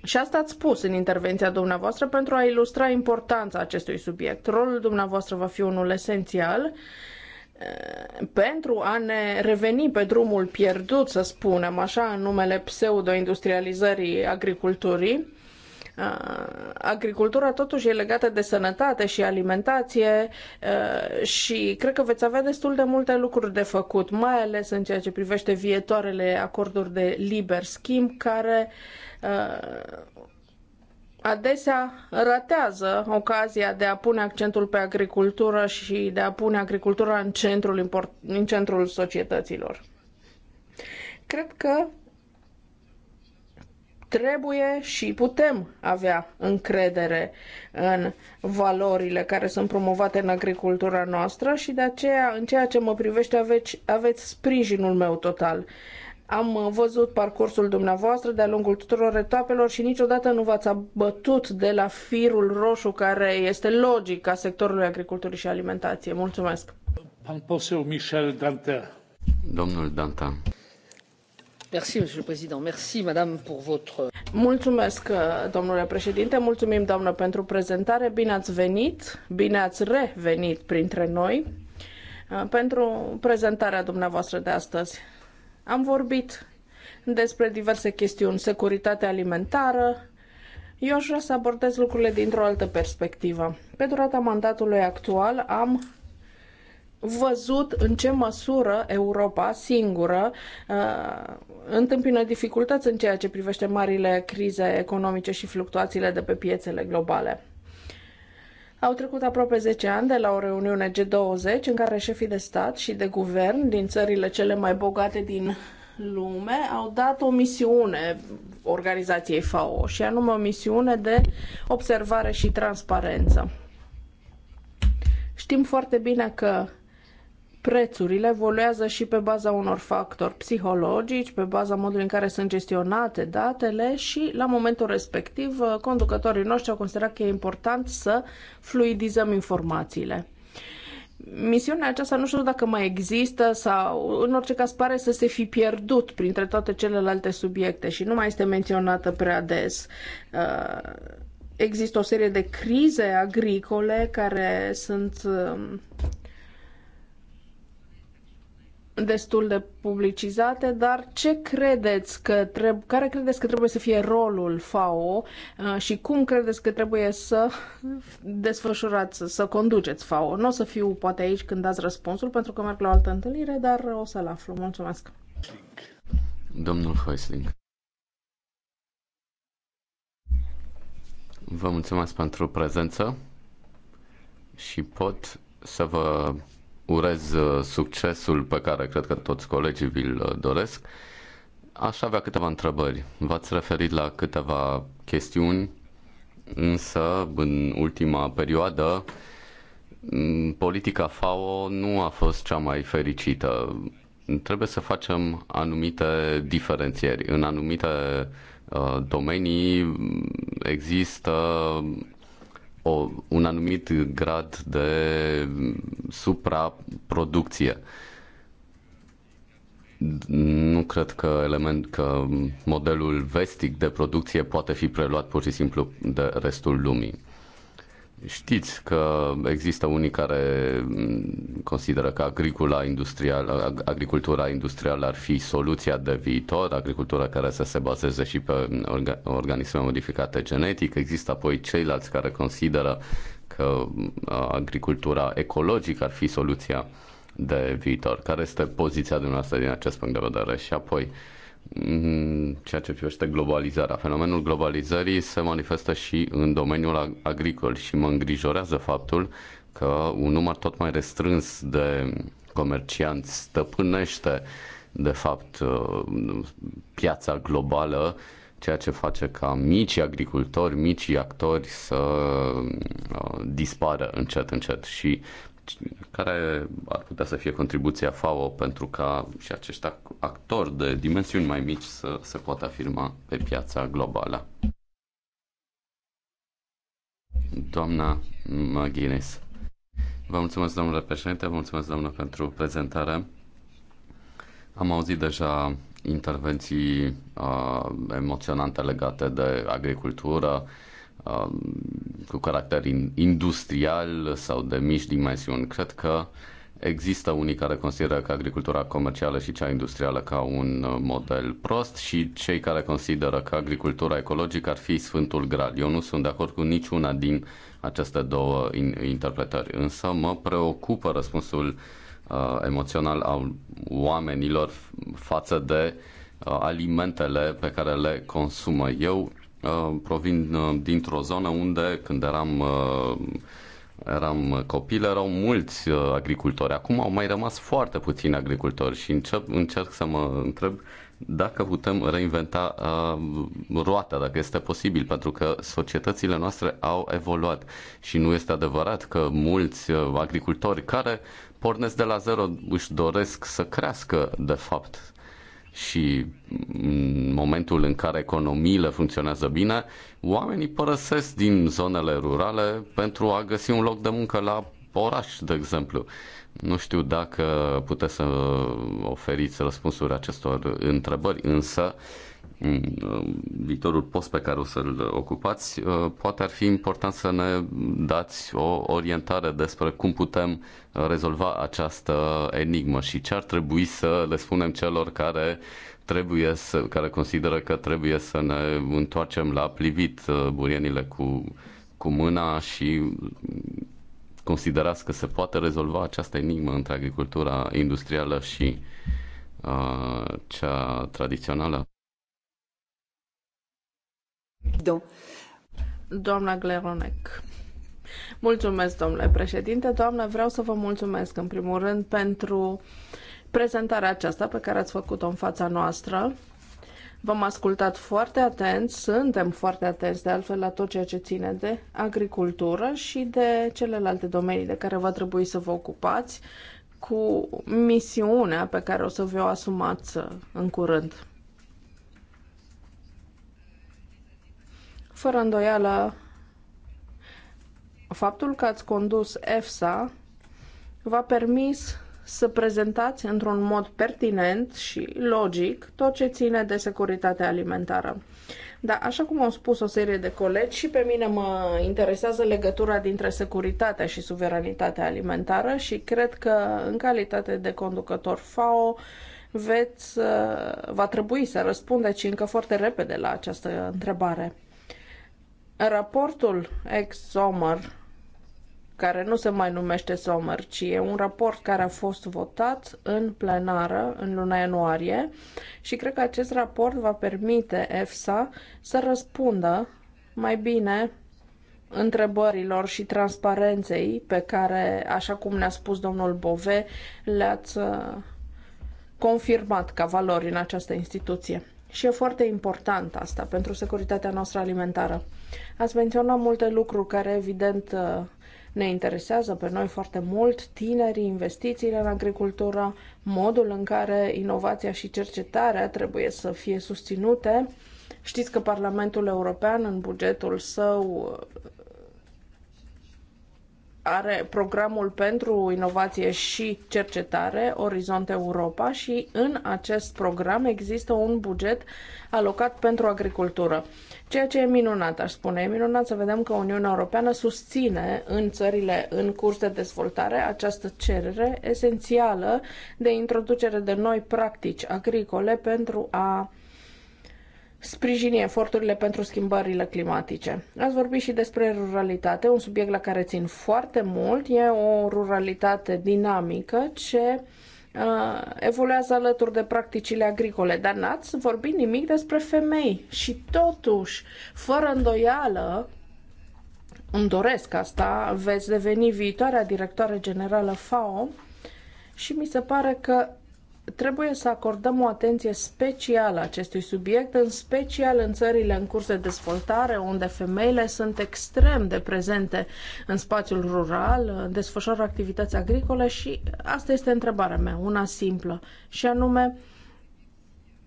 Și asta ați spus în intervenția dumneavoastră pentru a ilustra importanța acestui subiect. Rolul dumneavoastră va fi unul esențial. Uh, pentru a ne reveni pe drumul pierdut, să spunem așa, în numele pseudo-industrializării agriculturii, agricultura totuși e legată de sănătate și alimentație și cred că veți avea destul de multe lucruri de făcut, mai ales în ceea ce privește viitoarele acorduri de liber schimb care adesea ratează ocazia de a pune accentul pe agricultură și de a pune agricultura în centrul, import, în centrul societăților. Cred că trebuie și putem avea încredere în valorile care sunt promovate în agricultura noastră și de aceea, în ceea ce mă privește, aveți, aveți sprijinul meu total. Uh, am uh, văzut parcursul dumneavoastră de-a lungul tuturor etapelor și niciodată nu v-ați abătut de la firul roșu care este logic a sectorului agriculturii și alimentației. Mulțumesc! Pan poseu Michel Dantin. Domnul Dantin. Mulțumesc, uh, domnule președinte, mulțumim, doamnă, pentru prezentare. Bine ați venit, bine ați revenit printre noi uh, pentru prezentarea dumneavoastră de astăzi. Am vorbit despre diverse chestiuni, securitate alimentară. Eu aș vrea să abordez lucrurile dintr-o altă perspectivă. Pe durata mandatului actual am văzut în ce măsură Europa singură uh, întâmpină dificultăți în ceea ce privește marile crize economice și fluctuațiile de pe piețele globale. Au trecut aproape 10 ani de la o reuniune G20 în care șefii de stat și de guvern din țările cele mai bogate din lume au dat o misiune organizației FAO și anume o misiune de observare și transparență. Știm foarte bine că prețurile evoluează și pe baza unor factori psihologici, pe baza modului în care sunt gestionate datele și la momentul respectiv conducătorii noștri au considerat că e important să fluidizăm informațiile. Misiunea aceasta nu știu dacă mai există sau în orice caz pare să se fi pierdut printre toate celelalte subiecte și nu mai este menționată prea des. Uh, există o serie de crize agricole care sunt um, destul de publicizate, dar ce credeți că trebuie, care credeți că trebuie să fie rolul FAO uh, și cum credeți că trebuie să desfășurați, să conduceți FAO? Nu o să fiu poate aici când dați răspunsul, pentru că merg la o altă întâlnire, dar o să-l aflu. Mulțumesc! Domnul Heusling. Vă mulțumesc pentru prezență și pot să vă urez uh, succesul pe care cred că toți colegii vi-l uh, doresc. Aș avea câteva întrebări. V-ați referit la câteva chestiuni, însă în ultima perioadă mm, politica FAO nu a fost cea mai fericită. Trebuie să facem anumite diferențieri. În anumite uh, domenii mm, există o, un anumit grad de supraproducție. Nu cred că element că modelul vestic de producție poate fi preluat pur și simplu de restul lumii. Știți că există unii care mm, consideră că agricula industrial, agricultura industrială ar fi soluția de viitor, agricultura care să se bazeze și pe mm, organisme modificate genetic. Există apoi ceilalți care consideră că mm, agricultura ecologică ar fi soluția de viitor. Care este poziția dumneavoastră din acest punct de vedere? Și apoi, uh, ceea ce privește globalizarea. Fenomenul globalizării se manifestă și în domeniul agricol și mă îngrijorează faptul că un număr tot mai restrâns de comercianți stăpânește de fapt uh, piața globală, ceea ce face ca mici agricultori, micii actori să uh, dispară încet încet și care ar putea să fie contribuția FAO pentru ca și acești actori de dimensiuni mai mici să se poată afirma pe piața globală? Doamna McGuinness. Vă mulțumesc, domnule președinte, vă mulțumesc, doamnă, pentru prezentare. Am auzit deja intervenții uh, emoționante legate de agricultură, uh, Um, cu caracter industrial sau de mici dimensiuni. Cred că există unii care consideră că agricultura comercială și cea industrială ca un uh, model prost și cei care consideră că agricultura ecologică ar fi Sfântul grad. Eu nu sunt de acord cu niciuna din aceste două interpretări, însă mă preocupă răspunsul uh, emoțional al oamenilor față de uh, alimentele pe care le consumă. Eu Uh, provin uh, dintr-o zonă unde, când eram, uh, eram copil, erau mulți agricultori. Acum au mai rămas foarte puțini agricultori și încep, încerc să mă întreb dacă putem reinventa uh, roata, dacă este posibil, pentru că societățile noastre au evoluat și nu este adevărat că mulți uh, agricultori care pornesc de la zero își doresc să crească, de fapt, și în momentul în care economiile funcționează bine, oamenii părăsesc din zonele rurale pentru a găsi un loc de muncă la oraș, de exemplu. Nu știu dacă puteți să oferiți răspunsuri acestor întrebări, însă uh, viitorul post pe care o să-l ocupați, uh, poate ar fi important să ne dați o orientare despre cum putem rezolva această enigmă și ce ar trebui să le spunem celor care trebuie să, care consideră că trebuie să ne întoarcem la plivit uh, burienile cu, cu mâna și considerați că se poate rezolva această enigmă între agricultura industrială și uh, cea tradițională? Doamna Gleronec. Mulțumesc, domnule președinte. Doamnă, vreau să vă mulțumesc în primul rând pentru prezentarea aceasta pe care ați făcut-o în fața noastră. V-am ascultat foarte atent, suntem foarte atenți de altfel la tot ceea ce ține de agricultură și de celelalte domenii de care va trebui să vă ocupați cu misiunea pe care o să vă o asumați în curând. Fără îndoială, faptul că ați condus EFSA v-a permis să prezentați într-un mod pertinent și logic tot ce ține de securitatea alimentară. Dar, așa cum au spus o serie de colegi, și pe mine mă interesează legătura dintre securitatea și suveranitatea alimentară și cred că, în calitate de conducător FAO, veți, va trebui să răspundeți încă foarte repede la această întrebare. Raportul ex-Sommer, care nu se mai numește Sommer, ci e un raport care a fost votat în plenară în luna ianuarie și cred că acest raport va permite EFSA să răspundă mai bine întrebărilor și transparenței pe care, așa cum ne-a spus domnul Bove, le-ați uh, confirmat ca valori în această instituție. Și e foarte important asta pentru securitatea noastră alimentară. Ați menționat multe lucruri care, evident, uh, ne interesează pe noi foarte mult, tinerii, investițiile în agricultură, modul în care inovația și cercetarea trebuie să fie susținute. Știți că Parlamentul European, în bugetul său are programul pentru inovație și cercetare Orizont Europa și în acest program există un buget alocat pentru agricultură. Ceea ce e minunat, aș spune. E minunat să vedem că Uniunea Europeană susține în țările în curs de dezvoltare această cerere esențială de introducere de noi practici agricole pentru a sprijini eforturile pentru schimbările climatice. Ați vorbit și despre ruralitate, un subiect la care țin foarte mult. E o ruralitate dinamică ce uh, evoluează alături de practicile agricole, dar n-ați vorbit nimic despre femei. Și totuși, fără îndoială, îmi doresc asta, veți deveni viitoarea directoare generală FAO și mi se pare că trebuie să acordăm o atenție specială acestui subiect, în special în țările în curs de dezvoltare, unde femeile sunt extrem de prezente în spațiul rural, desfășoară activități agricole și asta este întrebarea mea, una simplă, și anume,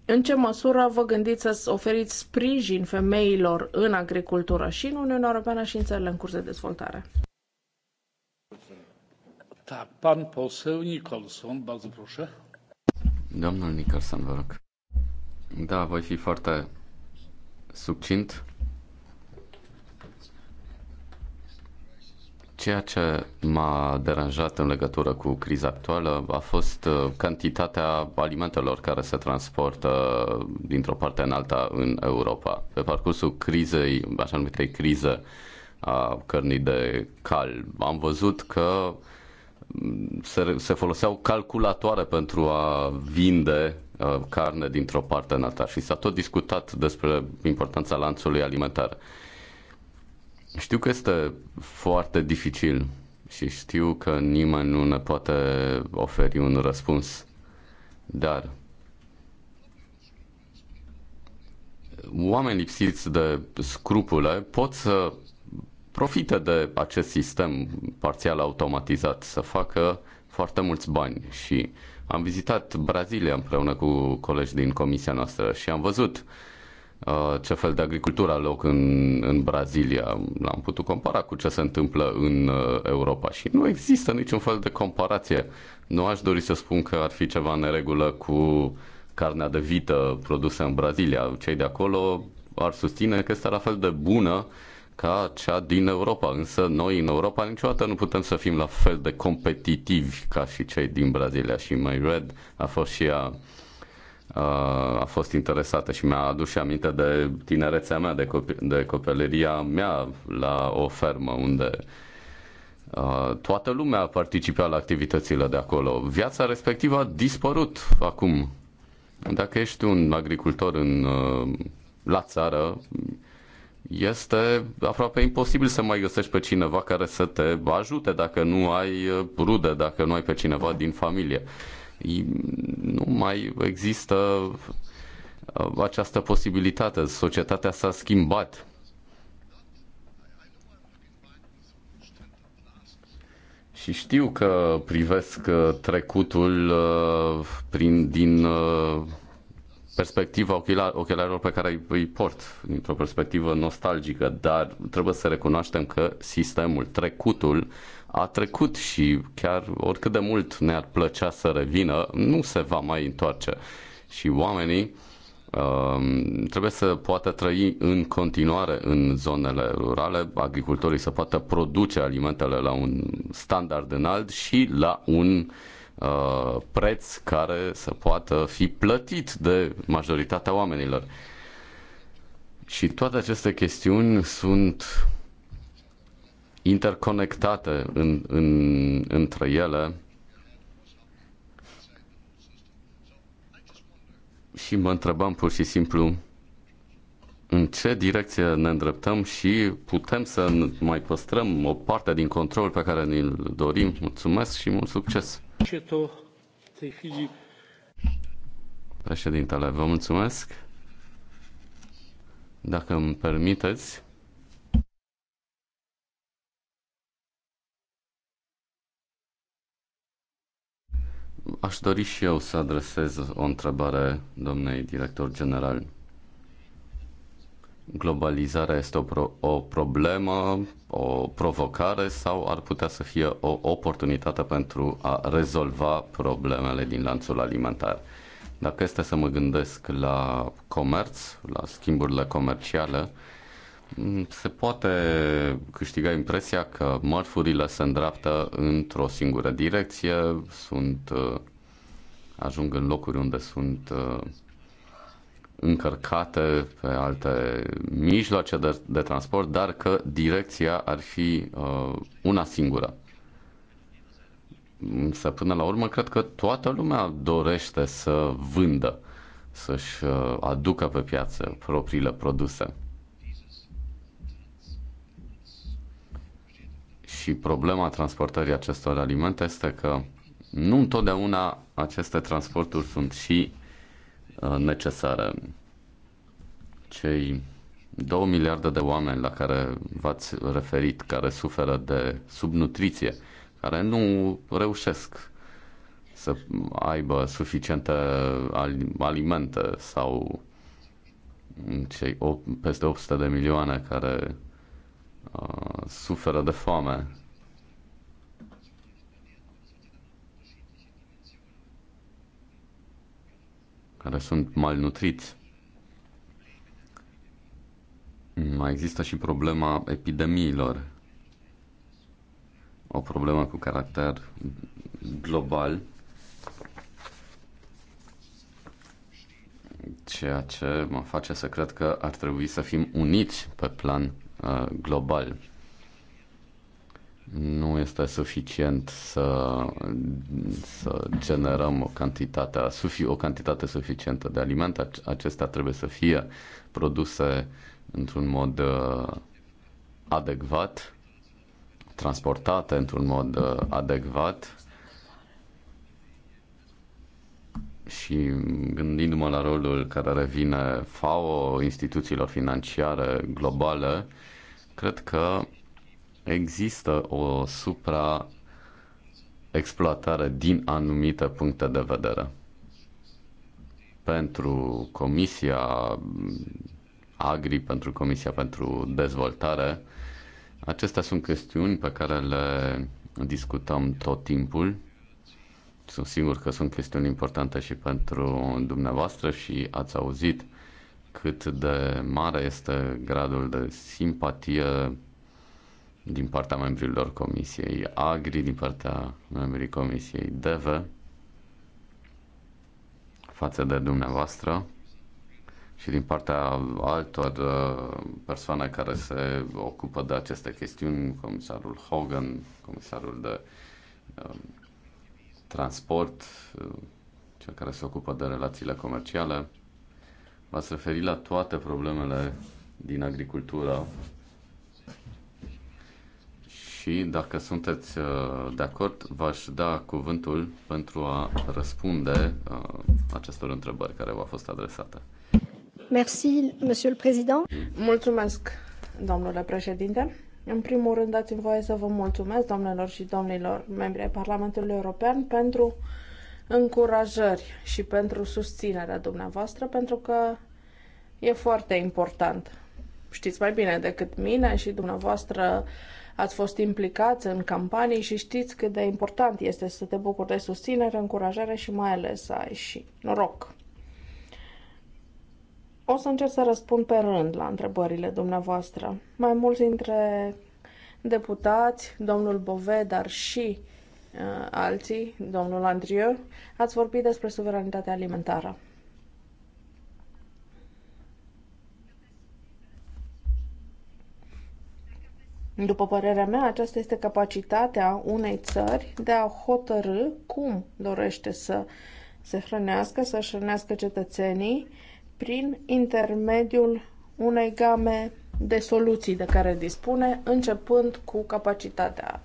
în ce măsură vă gândiți să oferiți sprijin femeilor în agricultură și în Uniunea Europeană și în țările în curs de dezvoltare? Da, pan poseł Nicolson, bardzo proszę. Domnul Nicholson, vă rog. Da, voi fi foarte succint. Ceea ce m-a deranjat în legătură cu criza actuală a fost uh, cantitatea alimentelor care se transportă dintr-o parte în alta în Europa. Pe parcursul crizei, așa numitei crize a cărnii de cal, am văzut că se, se foloseau calculatoare pentru a vinde uh, carne dintr-o parte în alta și s-a tot discutat despre importanța lanțului alimentar. Știu că este foarte dificil și știu că nimeni nu ne poate oferi un răspuns, dar oameni lipsiți de scrupule pot să profite de acest sistem parțial automatizat, să facă foarte mulți bani și am vizitat Brazilia împreună cu colegi din comisia noastră și am văzut uh, ce fel de agricultură a loc în, în Brazilia. L-am putut compara cu ce se întâmplă în uh, Europa și nu există niciun fel de comparație. Nu aș dori să spun că ar fi ceva în regulă cu carnea de vită produsă în Brazilia. Cei de acolo ar susține că este la fel de bună uh, ca cea din Europa, însă noi în Europa niciodată nu putem să fim la fel de competitivi ca și cei din Brazilia și mai Red a fost și ea a fost interesată și mi-a adus și aminte de tinerețea mea, de, copi- de copilăria mea la o fermă unde toată lumea a participat la activitățile de acolo. Viața respectivă a dispărut acum. Dacă ești un agricultor în, la țară, este aproape imposibil să mai găsești pe cineva care să te ajute dacă nu ai uh, rude, dacă nu ai pe cineva din familie. Nu mai există uh, această posibilitate. Societatea s-a schimbat. Și știu că privesc uh, trecutul prin, din perspectiva ochelarilor pe care îi port, dintr-o perspectivă nostalgică, dar trebuie să recunoaștem că sistemul, trecutul, a trecut și chiar oricât de mult ne-ar plăcea să revină, nu se va mai întoarce. Și oamenii um, trebuie să poată trăi în continuare în zonele rurale, agricultorii să poată produce alimentele la un standard înalt și la un uh, Uh, preț care să poată fi plătit de majoritatea oamenilor. Și toate aceste chestiuni sunt interconectate în, în, între ele și mă întrebam pur și simplu în ce direcție ne îndreptăm și putem să mai păstrăm o parte din control pe care ne-l dorim. Mulțumesc și mult succes! Președintele, vă mulțumesc. Dacă îmi permiteți, aș dori și eu să adresez o întrebare domnei director general globalizarea este o, pro- o problemă, o provocare sau ar putea să fie o oportunitate pentru a rezolva problemele din lanțul alimentar. Dacă este să mă gândesc la comerț, la schimburile comerciale, mm, se poate câștiga impresia că mărfurile se îndreaptă într-o singură direcție, sunt uh, ajung în locuri unde sunt uh, încărcate pe alte mijloace de, de transport, dar că direcția ar fi uh, una singură. Însă, până la urmă, cred că toată lumea dorește să vândă, să-și uh, aducă pe piață propriile produse. Și problema transportării acestor alimente este că nu întotdeauna aceste transporturi sunt și Uh, necesare. Cei 2 miliarde de oameni la care v-ați referit, care suferă de subnutriție, care nu reușesc să aibă suficiente alimente sau cei peste 800 de milioane care uh, suferă de foame care sunt malnutriți. Mai există și problema epidemiilor, o problemă cu caracter global, ceea ce mă face să cred că ar trebui să fim uniți pe plan uh, global nu este suficient să, să generăm o cantitate, o cantitate suficientă de alimente. Acestea trebuie să fie produse într-un mod uh, adecvat, transportate într-un mod uh, adecvat și gândindu-mă la rolul care revine FAO, instituțiilor financiare globale, cred că există o supraexploatare din anumite puncte de vedere. Pentru Comisia Agri, pentru Comisia pentru Dezvoltare, acestea sunt chestiuni pe care le discutăm tot timpul. Sunt sigur că sunt chestiuni importante și pentru dumneavoastră și ați auzit cât de mare este gradul de simpatie din partea membrilor Comisiei Agri, din partea membrii Comisiei DV față de dumneavoastră și din partea altor uh, persoane care se ocupă de aceste chestiuni, comisarul Hogan, comisarul de uh, transport, uh, cel care se ocupă de relațiile comerciale. V-ați referit la toate problemele din agricultură și dacă sunteți uh, de acord, v-aș da cuvântul pentru a răspunde uh, acestor întrebări care v-au fost adresate. Merci, Monsieur le Président. Mulțumesc, domnule președinte. În primul rând, dați-mi voie să vă mulțumesc, domnilor și domnilor membri ai Parlamentului European, pentru încurajări și pentru susținerea dumneavoastră, pentru că e foarte important. Știți mai bine decât mine și dumneavoastră uh, ați fost implicați în campanii și știți cât de important este să te bucuri de susținere, încurajare și mai ales să ai și noroc. O să încerc să răspund pe rând la întrebările dumneavoastră. Mai mulți dintre deputați, domnul Bove, dar și uh, alții, domnul Andrieu, ați vorbit despre suveranitatea alimentară. După părerea mea, aceasta este capacitatea unei țări de a hotărâ cum dorește să se hrănească, să-și hrănească cetățenii prin intermediul unei game de soluții de care dispune, începând cu capacitatea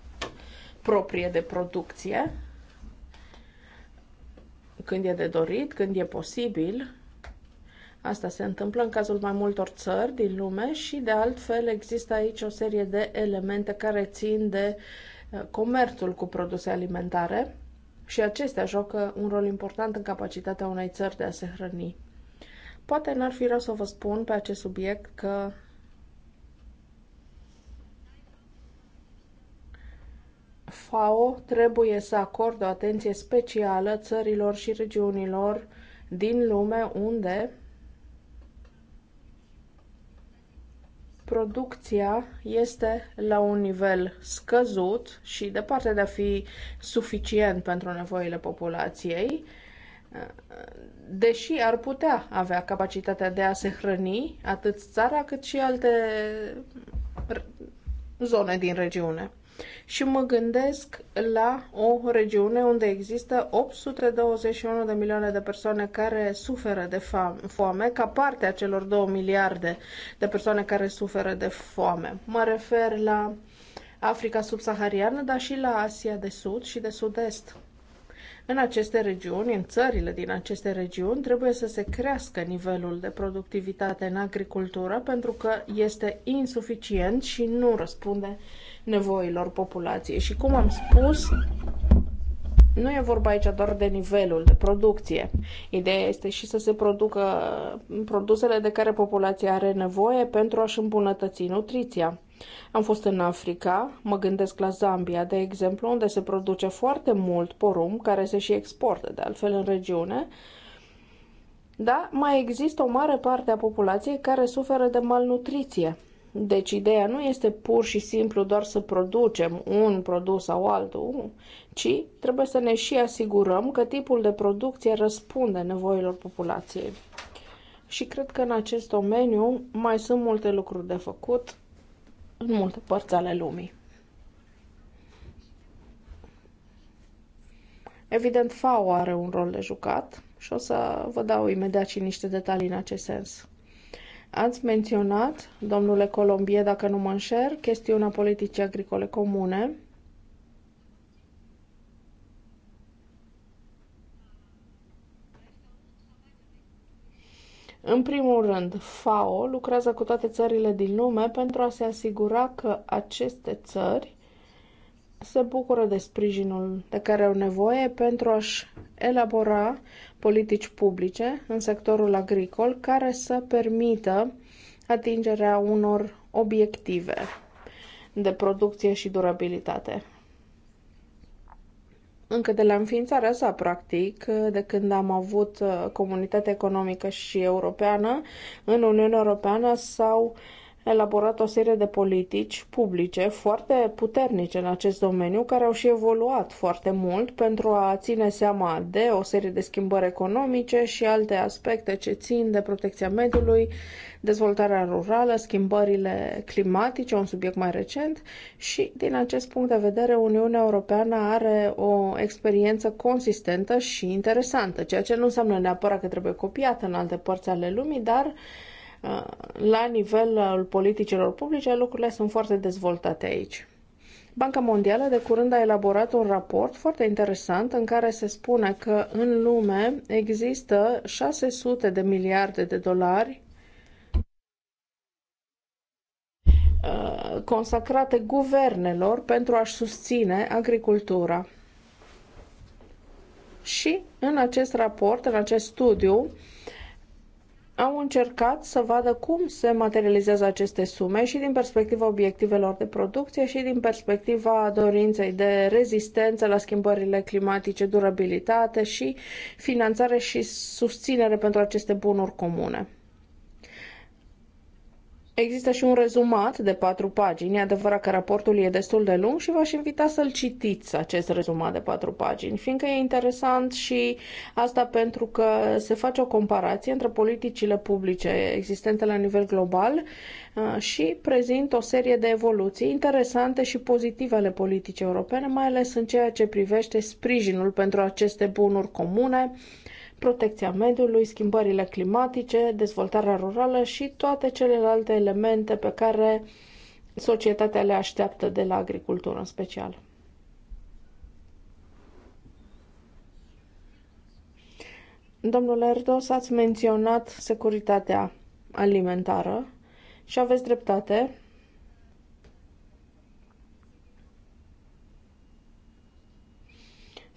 proprie de producție, când e de dorit, când e posibil, Asta se întâmplă în cazul mai multor țări din lume și, de altfel, există aici o serie de elemente care țin de uh, comerțul cu produse alimentare și acestea joacă un rol important în capacitatea unei țări de a se hrăni. Poate n-ar fi rău să vă spun pe acest subiect că FAO trebuie să acorde o atenție specială țărilor și regiunilor din lume unde producția este la un nivel scăzut și departe de a fi suficient pentru nevoile populației, deși ar putea avea capacitatea de a se hrăni atât țara cât și alte zone din regiune. Și mă gândesc la o regiune unde există 821 de milioane de persoane care suferă de foame, ca parte a celor 2 miliarde de persoane care suferă de foame. Mă refer la Africa subsahariană, dar și la Asia de Sud și de Sud-Est. În aceste regiuni, în țările din aceste regiuni, trebuie să se crească nivelul de productivitate în agricultură pentru că este insuficient și nu răspunde nevoilor populației. Și cum am spus, nu e vorba aici doar de nivelul de producție. Ideea este și să se producă produsele de care populația are nevoie pentru a-și îmbunătăți nutriția. Am fost în Africa, mă gândesc la Zambia, de exemplu, unde se produce foarte mult porumb, care se și exportă de altfel în regiune, dar mai există o mare parte a populației care suferă de malnutriție. Deci ideea nu este pur și simplu doar să producem un produs sau altul, ci trebuie să ne și asigurăm că tipul de producție răspunde nevoilor populației. Și cred că în acest domeniu mai sunt multe lucruri de făcut în multe părți ale lumii. Evident, FAO are un rol de jucat și o să vă dau imediat și niște detalii în acest sens. Ați menționat, domnule Colombie, dacă nu mă înșer, chestiunea politicii agricole comune. În primul rând, FAO lucrează cu toate țările din lume pentru a se asigura că aceste țări se bucură de sprijinul de care au nevoie pentru a-și elabora politici publice în sectorul agricol care să permită atingerea unor obiective de producție și durabilitate. Încă de la înființarea sa, practic, de când am avut uh, comunitatea economică și europeană, în Uniunea Europeană s-au uh, elaborat o serie de politici publice foarte puternice în acest domeniu, care au și evoluat foarte mult pentru a ține seama de o serie de schimbări economice și alte aspecte ce țin de protecția mediului, dezvoltarea rurală, schimbările climatice, un subiect mai recent și din acest punct de vedere Uniunea Europeană are o experiență consistentă și interesantă, ceea ce nu înseamnă neapărat că trebuie copiată în alte părți ale lumii, dar uh, Uh, la nivelul politicilor publice, lucrurile sunt foarte dezvoltate aici. Banca Mondială de curând a elaborat un raport foarte interesant în care se spune că în lume există 600 de miliarde de dolari uh, consacrate guvernelor pentru a-și susține agricultura. Și în acest raport, în acest studiu, au încercat să vadă cum se materializează aceste sume și din perspectiva obiectivelor de producție și din perspectiva dorinței de rezistență la schimbările climatice, durabilitate și finanțare și susținere pentru aceste bunuri comune. Există și un rezumat de patru pagini. E adevărat că raportul e destul de lung și v-aș invita să-l citiți, acest rezumat de patru pagini, fiindcă e interesant și asta pentru că se face o comparație între politicile publice existente la nivel global uh, și prezint o serie de evoluții interesante și pozitive ale politicii europene, mai ales în ceea ce privește sprijinul pentru aceste bunuri comune, protecția mediului, schimbările climatice, dezvoltarea rurală și toate celelalte elemente pe care societatea le așteaptă de la agricultură în special. Domnule Erdos, ați menționat securitatea alimentară și aveți dreptate.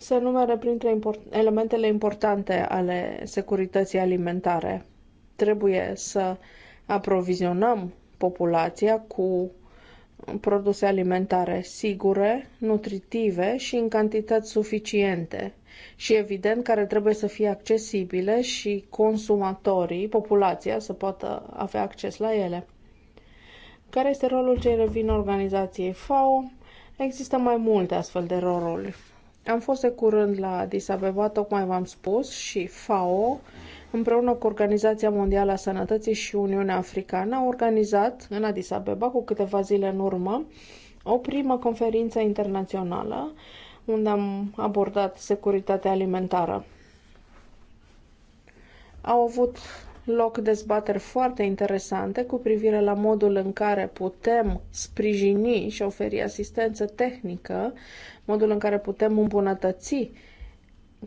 se numere printre import- elementele importante ale securității alimentare. Trebuie să aprovizionăm populația cu produse alimentare sigure, nutritive și în cantități suficiente și, evident, care trebuie să fie accesibile și consumatorii, populația, să poată avea acces la ele. Care este rolul ce revin organizației FAO? Există mai multe astfel de roluri. Am fost de curând la Addis Abeba, tocmai v-am spus, și FAO, împreună cu Organizația Mondială a Sănătății și Uniunea Africană, au organizat în Addis Abeba, cu câteva zile în urmă, o primă conferință internațională unde am abordat securitatea alimentară. Au avut loc dezbateri foarte interesante cu privire la modul în care putem sprijini și oferi asistență tehnică, modul în care putem îmbunătăți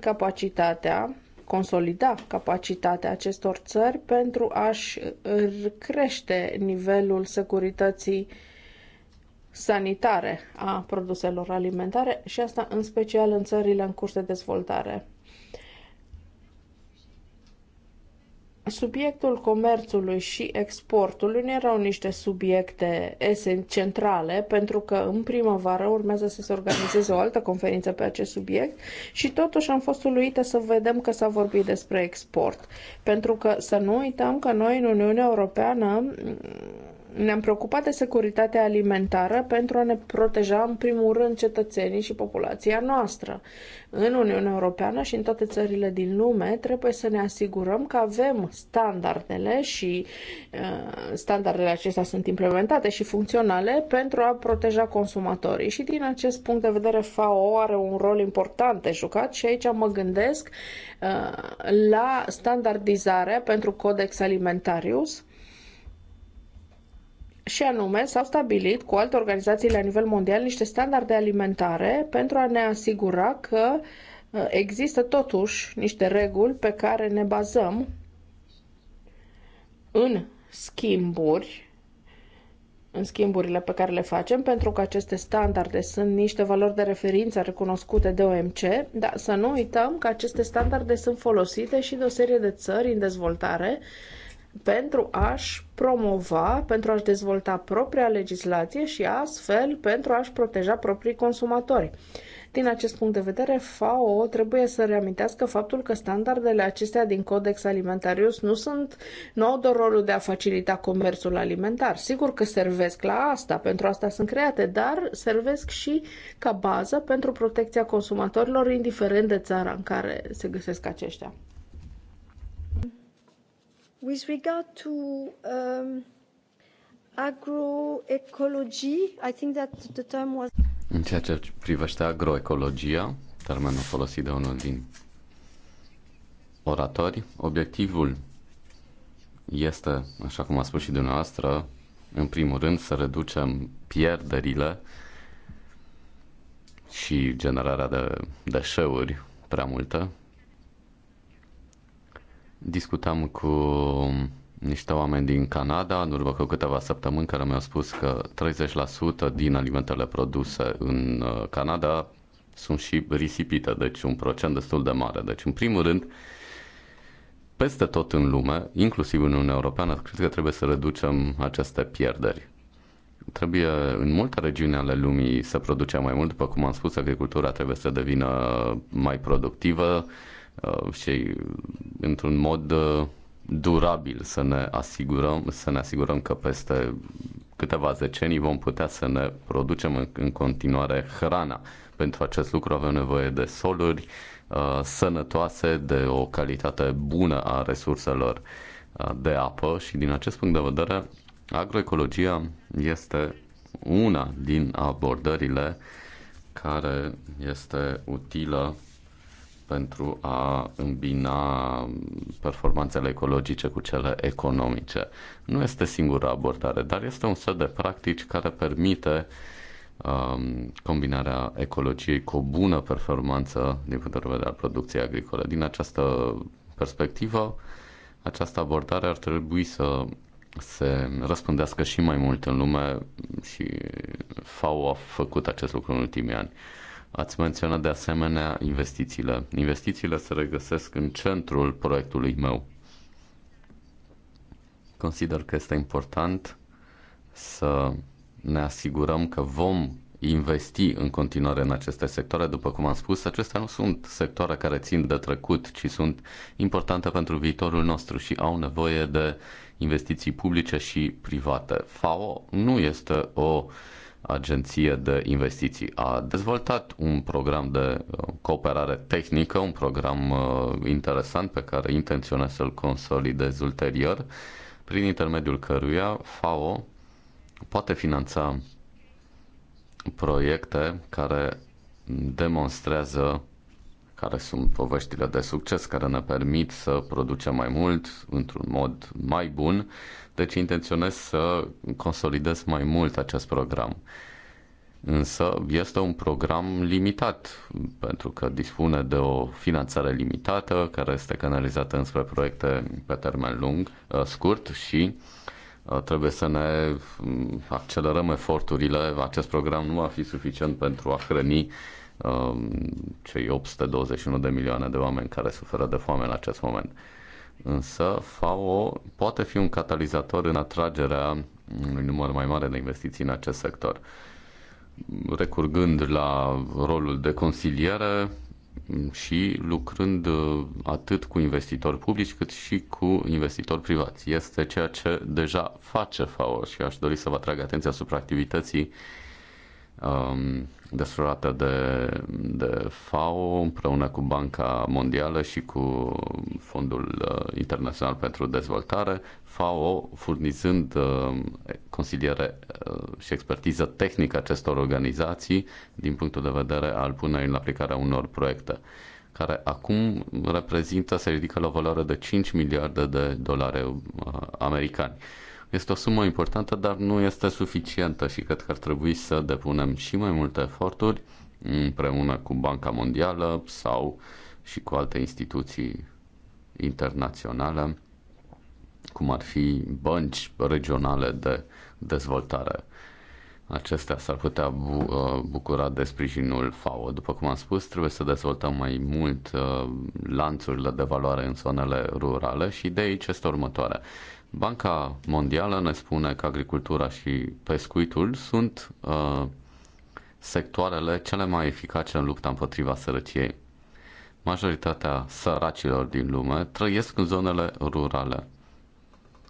capacitatea, consolida capacitatea acestor țări pentru a-și crește nivelul securității sanitare a produselor alimentare și asta în special în țările în curs de dezvoltare. Subiectul comerțului și exportului nu erau niște subiecte centrale, pentru că în primăvară urmează să se organizeze o altă conferință pe acest subiect și totuși am fost uluită să vedem că s-a vorbit despre export. Pentru că să nu uităm că noi în Uniunea Europeană ne-am preocupat de securitatea alimentară pentru a ne proteja, în primul rând, cetățenii și populația noastră. În Uniunea Europeană și în toate țările din lume trebuie să ne asigurăm că avem standardele și uh, standardele acestea sunt implementate și funcționale pentru a proteja consumatorii. Și din acest punct de vedere, FAO are un rol important de jucat și aici mă gândesc uh, la standardizare pentru Codex Alimentarius și anume s-au stabilit cu alte organizații la nivel mondial niște standarde alimentare pentru a ne asigura că uh, există totuși niște reguli pe care ne bazăm în schimburi, în schimburile pe care le facem, pentru că aceste standarde sunt niște valori de referință recunoscute de OMC, dar să nu uităm că aceste standarde sunt folosite și de o serie de țări în dezvoltare pentru a-și promova, pentru a-și dezvolta propria legislație și astfel pentru a-și proteja proprii consumatori. Din acest punct de vedere, FAO trebuie să reamintească faptul că standardele acestea din Codex Alimentarius nu sunt, nou doar rolul de a facilita comerțul alimentar. Sigur că servesc la asta, pentru asta sunt create, dar servesc și ca bază pentru protecția consumatorilor, indiferent de țara în care se găsesc aceștia. With regard to um, agroecology, I think that the term was... În ceea ce privește agroecologia, termenul folosit de unul din oratori, obiectivul este, așa cum a spus și dumneavoastră, în primul rând să reducem pierderile și generarea de deșeuri prea multă Discutam cu niște oameni din Canada, în urmă cu câteva săptămâni, care mi-au spus că 30% din alimentele produse în uh, Canada sunt și risipite, deci un procent destul de mare. Deci, în primul rând, peste tot în lume, inclusiv în Uniunea Europeană, cred că trebuie să reducem aceste pierderi. Trebuie în multe regiuni ale lumii să producem mai mult, după cum am spus, agricultura trebuie să devină mai productivă, Uh, și într-un mod uh, durabil să ne asigurăm, să ne asigurăm că peste câteva decenii vom putea să ne producem în continuare hrana. Pentru acest lucru avem nevoie de soluri uh, sănătoase, de o calitate bună a resurselor uh, de apă și din acest punct de vedere agroecologia este una din abordările care este utilă pentru a îmbina performanțele ecologice cu cele economice. Nu este singura abordare, dar este un set de practici care permite um, combinarea ecologiei cu o bună performanță din punct de vedere al producției agricole. Din această perspectivă, această abordare ar trebui să se răspândească și mai mult în lume și FAO a făcut acest lucru în ultimii ani. Ați menționat de asemenea investițiile. Investițiile se regăsesc în centrul proiectului meu. Consider că este important să ne asigurăm că vom investi în continuare în aceste sectoare. După cum am spus, acestea nu sunt sectoare care țin de trecut, ci sunt importante pentru viitorul nostru și au nevoie de investiții publice și private. FAO nu este o uh, agenție de investiții. A dezvoltat un program de uh, cooperare tehnică, un program uh, interesant pe care intenționa să-l consolidez ulterior, prin intermediul căruia FAO poate finanța proiecte care demonstrează care sunt poveștile de succes care ne permit să producem mai mult într-un mod mai bun. Deci intenționez să consolidez mai mult acest program. Însă este un program limitat, pentru că dispune de o finanțare limitată, care este canalizată înspre proiecte pe termen lung, uh, scurt și uh, trebuie să ne mm, accelerăm eforturile. Acest program nu va fi suficient pentru a hrăni Um, cei 821 de milioane de oameni care suferă de foame în acest moment. Însă FAO poate fi un catalizator în atragerea unui număr mai mare de investiții în acest sector. Recurgând la rolul de consiliere, și lucrând uh, atât cu investitori publici cât și cu investitori privați. Este ceea ce deja face FAO și aș dori să vă atrag atenția asupra activității um, desfășurată de, de FAO împreună cu Banca Mondială și cu Fondul uh, Internațional pentru Dezvoltare, FAO furnizând uh, consiliere uh, și expertiză tehnică acestor organizații din punctul de vedere al punerii în aplicarea unor proiecte care acum reprezintă, se ridică la o valoare de 5 miliarde de dolari uh, americani. Uh, este o sumă importantă, dar nu este suficientă și cred că ar trebui să depunem și mai multe eforturi împreună cu Banca Mondială sau și cu alte instituții internaționale, cum ar fi bănci regionale de dezvoltare. Acestea s-ar putea bu- uh, bucura de sprijinul FAO. După cum am spus, trebuie să dezvoltăm mai mult uh, lanțurile de valoare în zonele rurale și de aici este următoarea. Banca Mondială ne spune că agricultura și pescuitul sunt uh, sectoarele cele mai eficace în lupta împotriva sărăciei. Majoritatea săracilor din lume trăiesc în zonele rurale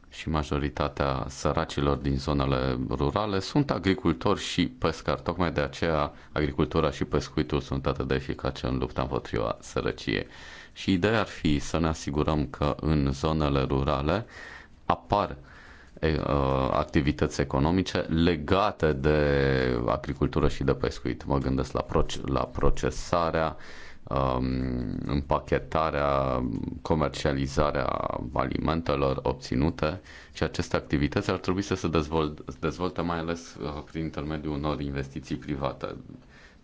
și majoritatea săracilor din zonele rurale sunt agricultori și pescari. Tocmai de aceea agricultura și pescuitul sunt atât de eficace în lupta împotriva sărăciei. Și ideea ar fi să ne asigurăm că în zonele rurale apar uh, activități economice legate de agricultură și de pescuit. Mă gândesc la, proce- la procesarea, um, împachetarea, comercializarea alimentelor obținute și aceste activități ar trebui să se dezvol- dezvolte mai ales uh, prin intermediul unor investiții private.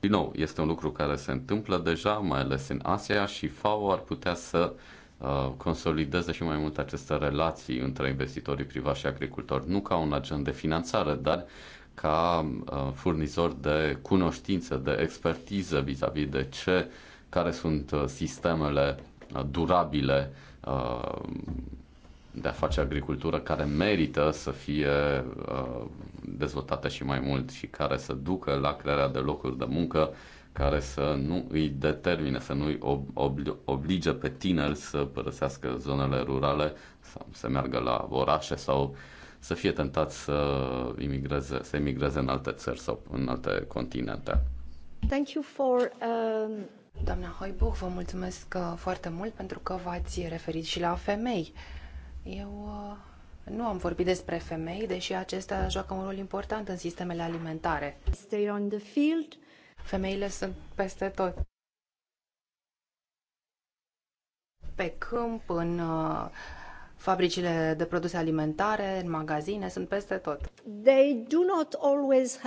Din nou, este un lucru care se întâmplă deja, mai ales în Asia și FAO ar putea să uh, Uh, consolideze și mai mult aceste relații între investitorii privați și agricultori, nu ca un agent de finanțare, dar ca uh, furnizor de cunoștință, de expertiză vis-a-vis -vis de ce, care sunt uh, sistemele durabile de a face agricultură care merită să fie dezvoltate și mai mult și care să ducă la crearea de locuri de muncă care să nu îi determine, să nu îi ob- oblige pe tineri să părăsească zonele rurale sau să meargă la orașe sau să fie tentați să imigreze, să imigreze în alte țări sau în alte continente. Thank you for, um... Doamna Hoibuch, vă mulțumesc uh, foarte mult pentru că v-ați referit și la femei. Eu uh, nu am vorbit despre femei, deși acestea joacă un rol important în sistemele alimentare. Stay on the field Femeile sunt peste tot. Pe câmp, în uh, fabricile de produse alimentare, în magazine, sunt peste tot. They do not always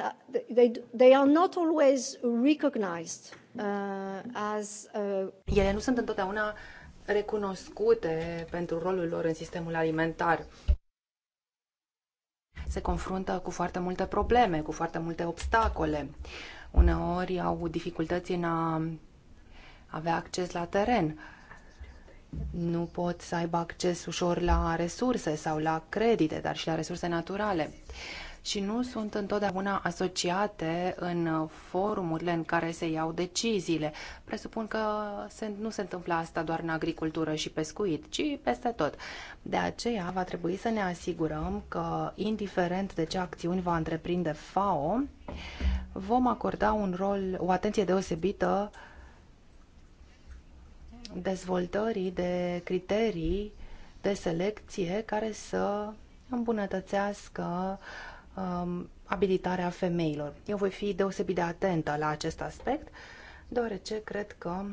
they, they are not always recognized uh, as uh... Ele nu sunt întotdeauna recunoscute pentru rolul lor în sistemul alimentar. Se confruntă cu foarte multe probleme, cu foarte multe obstacole. Uh, uneori au dificultăți în a avea acces la teren. Nu pot să aibă acces ușor la resurse sau la credite, dar și la resurse naturale și nu sunt întotdeauna asociate în uh, forumurile în care se iau deciziile. Presupun că se, nu se întâmplă asta doar în agricultură și pescuit, ci peste tot. De aceea va trebui să ne asigurăm că, indiferent de ce acțiuni va întreprinde FAO, vom acorda un rol, o atenție deosebită dezvoltării de criterii de selecție care să îmbunătățească um, abilitarea femeilor. Eu voi fi deosebit de atentă la acest aspect, deoarece cred că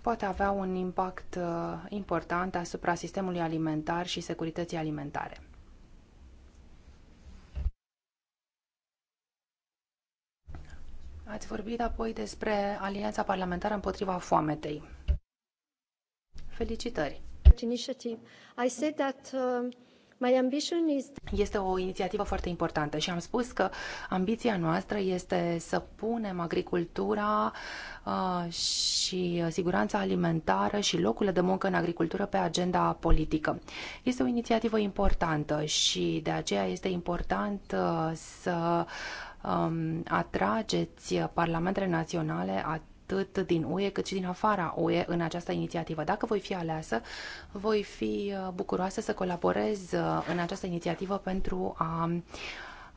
poate avea un impact uh, important asupra sistemului alimentar și securității alimentare. Ați vorbit apoi despre Alianța Parlamentară împotriva foametei. Felicitări! Um, este o inițiativă foarte importantă și am spus că ambiția noastră este să punem agricultura uh, și uh, siguranța alimentară și locurile de muncă în agricultură pe agenda politică. Este o inițiativă importantă și de aceea este important uh, să um, atrageți parlamentele naționale atât atât din UE cât și din afara UE în această inițiativă. Dacă voi fi aleasă, voi fi uh, bucuroasă să colaborez uh, în această inițiativă pentru a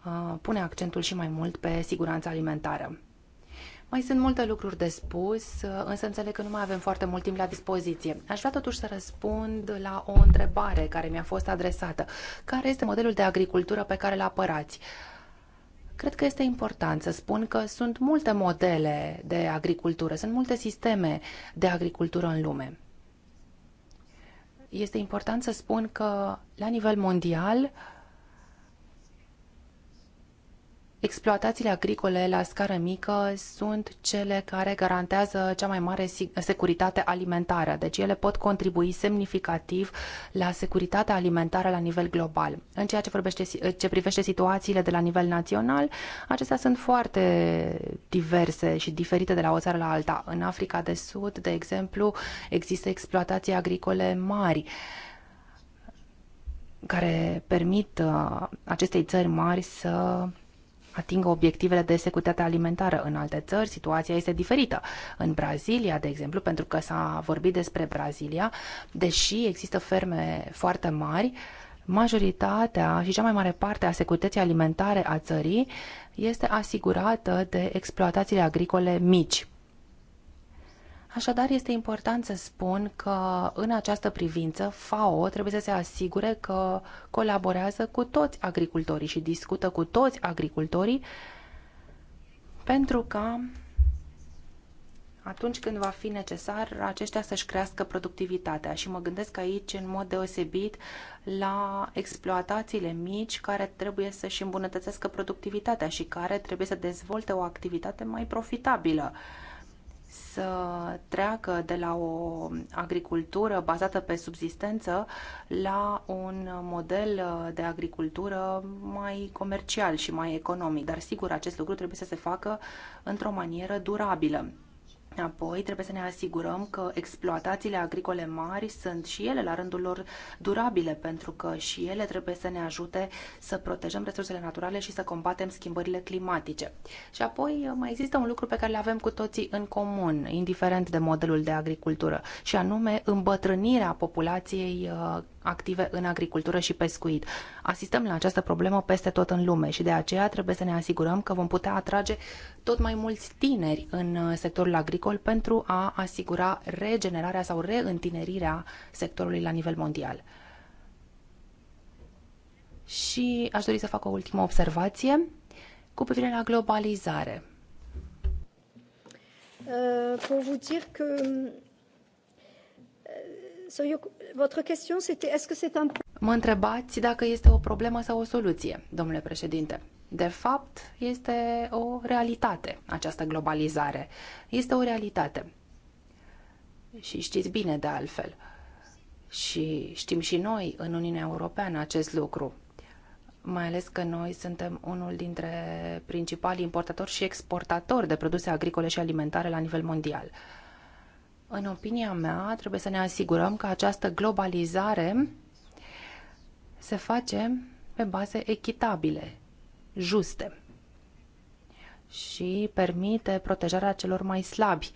uh, pune accentul și mai mult pe siguranța alimentară. Mai sunt multe lucruri de spus, însă înțeleg că nu mai avem foarte mult timp la dispoziție. Aș vrea totuși să răspund la o întrebare care mi-a fost adresată. Care este modelul de agricultură pe care îl apărați? Uh, Cred că este important să spun că sunt multe modele de agricultură, sunt multe sisteme de agricultură în lume. Este important să spun că la nivel mondial exploatațiile agricole la scară mică sunt cele care garantează cea mai mare securitate alimentară, deci ele pot contribui semnificativ la securitatea alimentară la nivel global. În ceea ce, vorbește, ce privește situațiile de la nivel național, acestea sunt foarte diverse și diferite de la o țară la alta. În Africa de Sud, de exemplu, există exploatații agricole mari care permit uh, acestei țări mari să atingă obiectivele de securitate alimentară. În alte țări, situația este diferită. În Brazilia, de exemplu, pentru că s-a vorbit despre Brazilia, deși există ferme foarte mari, majoritatea și cea mai mare parte a securității alimentare a țării este asigurată de exploatațiile agricole mici. Așadar, este important să spun că în această privință FAO trebuie să se asigure că colaborează cu toți agricultorii și discută cu toți agricultorii pentru că atunci când va fi necesar aceștia să-și crească productivitatea. Și mă gândesc aici în mod deosebit la exploatațiile mici care trebuie să-și îmbunătățească productivitatea și care trebuie să dezvolte o activitate mai profitabilă să treacă de la o agricultură bazată pe subsistență la un model de agricultură mai comercial și mai economic. Dar sigur, acest lucru trebuie să se facă într-o manieră durabilă. Apoi, trebuie să ne asigurăm că exploatațiile agricole mari sunt și ele, la rândul lor, durabile, pentru că și ele trebuie să ne ajute să protejăm resursele naturale și să combatem schimbările climatice. Și apoi, mai există un lucru pe care le avem cu toții în comun, indiferent de modelul de agricultură, și anume îmbătrânirea populației uh, active în agricultură și pescuit. Asistăm la această problemă peste tot în lume și de aceea trebuie să ne asigurăm că vom putea atrage tot mai mulți tineri în uh, sectorul agricol pentru a asigura regenerarea sau reîntinerirea sectorului la nivel mondial. Și aș dori să fac o ultimă observație cu privire la globalizare. Uh, pour vous dire que Mă întrebați dacă este o problemă sau o soluție, domnule președinte. De fapt, este o realitate această globalizare. Este o realitate. Și știți bine de altfel. Și știm și noi în Uniunea Europeană acest lucru mai ales că noi suntem unul dintre principalii importatori și exportatori de produse agricole și alimentare la nivel mondial. În opinia mea, trebuie să ne asigurăm că această globalizare se face pe baze echitabile, juste și permite protejarea celor mai slabi.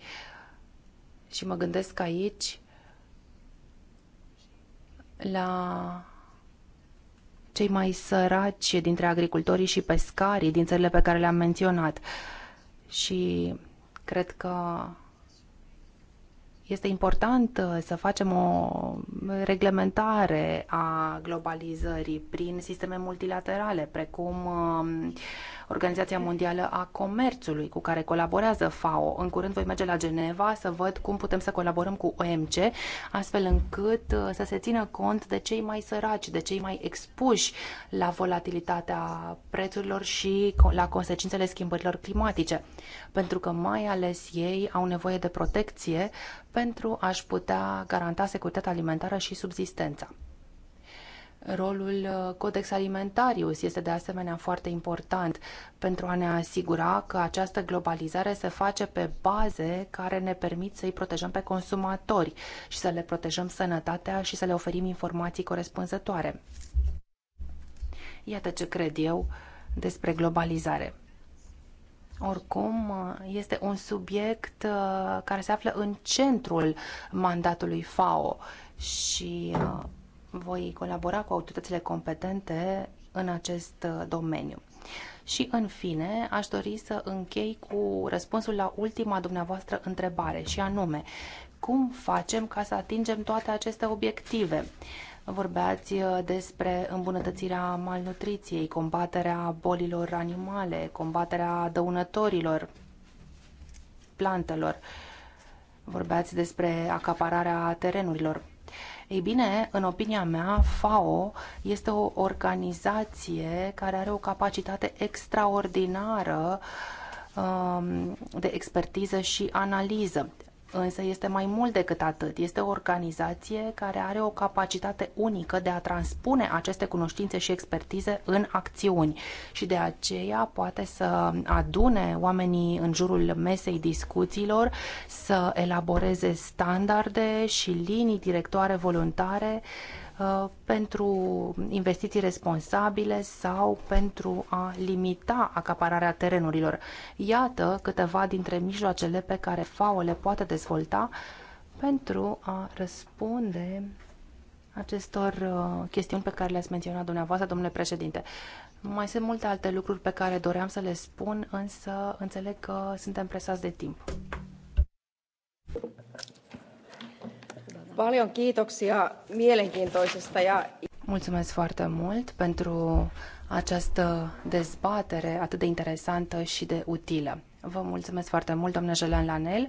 Și mă gândesc aici la cei mai săraci dintre agricultorii și pescarii din țările pe care le-am menționat. Și cred că este important uh, să facem o reglementare a globalizării prin sisteme multilaterale, precum um, Organizația Mondială a Comerțului, cu care colaborează FAO. În curând voi merge la Geneva să văd cum putem să colaborăm cu OMC, astfel încât uh, să se țină cont de cei mai săraci, de cei mai expuși la volatilitatea prețurilor și la consecințele schimbărilor climatice, pentru că mai ales ei au nevoie de protecție pentru a-și putea garanta securitatea alimentară și subsistența. Rolul uh, Codex Alimentarius este de asemenea foarte important pentru a ne asigura că această globalizare se face pe baze care ne permit să-i protejăm pe consumatori și să le protejăm sănătatea și să le oferim informații corespunzătoare. Iată ce cred eu despre globalizare. Oricum, este un subiect uh, care se află în centrul mandatului FAO și uh, voi colabora cu autoritățile competente în acest uh, domeniu. Și, în fine, aș dori să închei cu răspunsul la ultima dumneavoastră întrebare, și anume, cum facem ca să atingem toate aceste obiective? Uh, Vorbeați uh, despre îmbunătățirea malnutriției, combaterea bolilor animale, combaterea dăunătorilor plantelor. Vorbeați despre acapararea terenurilor. Ei bine, în opinia mea, FAO este o organizație care are o capacitate extraordinară um, de expertiză și analiză însă este mai mult decât atât. Este o organizație care are o capacitate unică de a transpune aceste cunoștințe și expertize în acțiuni și de aceea poate să adune oamenii în jurul mesei discuțiilor, să elaboreze standarde și linii directoare voluntare uh, Uh, pentru investiții responsabile sau pentru a limita acapararea terenurilor. Iată câteva dintre mijloacele pe care FAO le poate dezvolta pentru a răspunde acestor uh, chestiuni pe care le-ați menționat dumneavoastră, domnule președinte. Mai sunt multe alte lucruri pe care doream să le spun, însă înțeleg că suntem presați de timp. Paljon kiitoksia mielenkiintoisesta ja... Mulțumesc foarte mult pentru această dezbatere atât de interesantă și de utilă. Vă mulțumesc foarte mult, doamnă Jelan Lanel,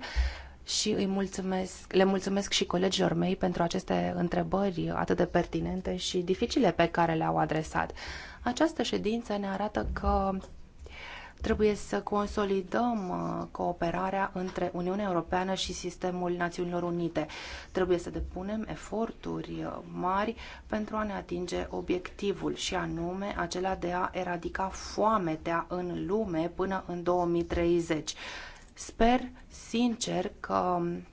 și îi mulțumesc, le mulțumesc și colegilor mei pentru aceste întrebări atât de pertinente și dificile pe care le-au adresat. Această ședință ne arată că Trebuie să consolidăm uh, cooperarea între Uniunea Europeană și sistemul Națiunilor Unite. Trebuie să depunem eforturi uh, mari pentru a ne atinge obiectivul și anume acela de a eradica foametea în lume până în 2030. Sper sincer că um,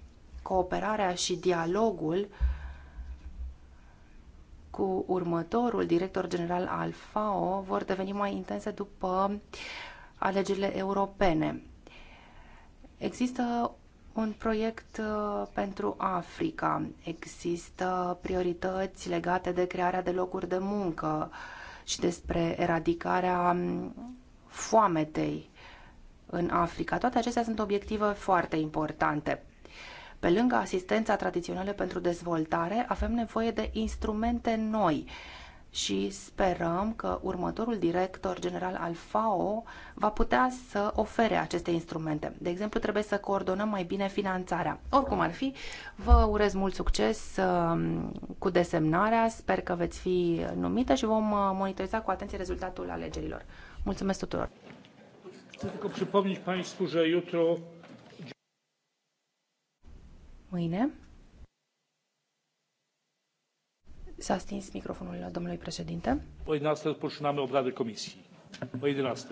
cooperarea și dialogul cu următorul director general al FAO vor deveni mai intense după alegerile europene. Există un proiect uh, pentru Africa, există priorități legate de crearea de locuri de muncă și despre eradicarea um, foametei în Africa. Toate acestea sunt obiective foarte importante. Pe lângă asistența tradițională pentru dezvoltare, avem nevoie de instrumente noi și sperăm că următorul director general al FAO va putea să ofere aceste instrumente. De exemplu, trebuie să coordonăm mai bine finanțarea. Oricum ar fi, vă urez mult succes um, cu desemnarea, sper că veți fi numită și vom uh, monitoriza cu atenție rezultatul alegerilor. Mulțumesc tuturor! Mâine S-a stins microfonul domnului președinte. O 11 rozpoczynamy obrady comisii. O 11.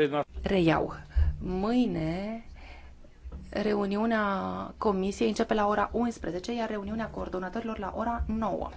9, Reiau. Mâine reuniunea comisiei începe la ora 11, iar reuniunea coordonatorilor la ora 9.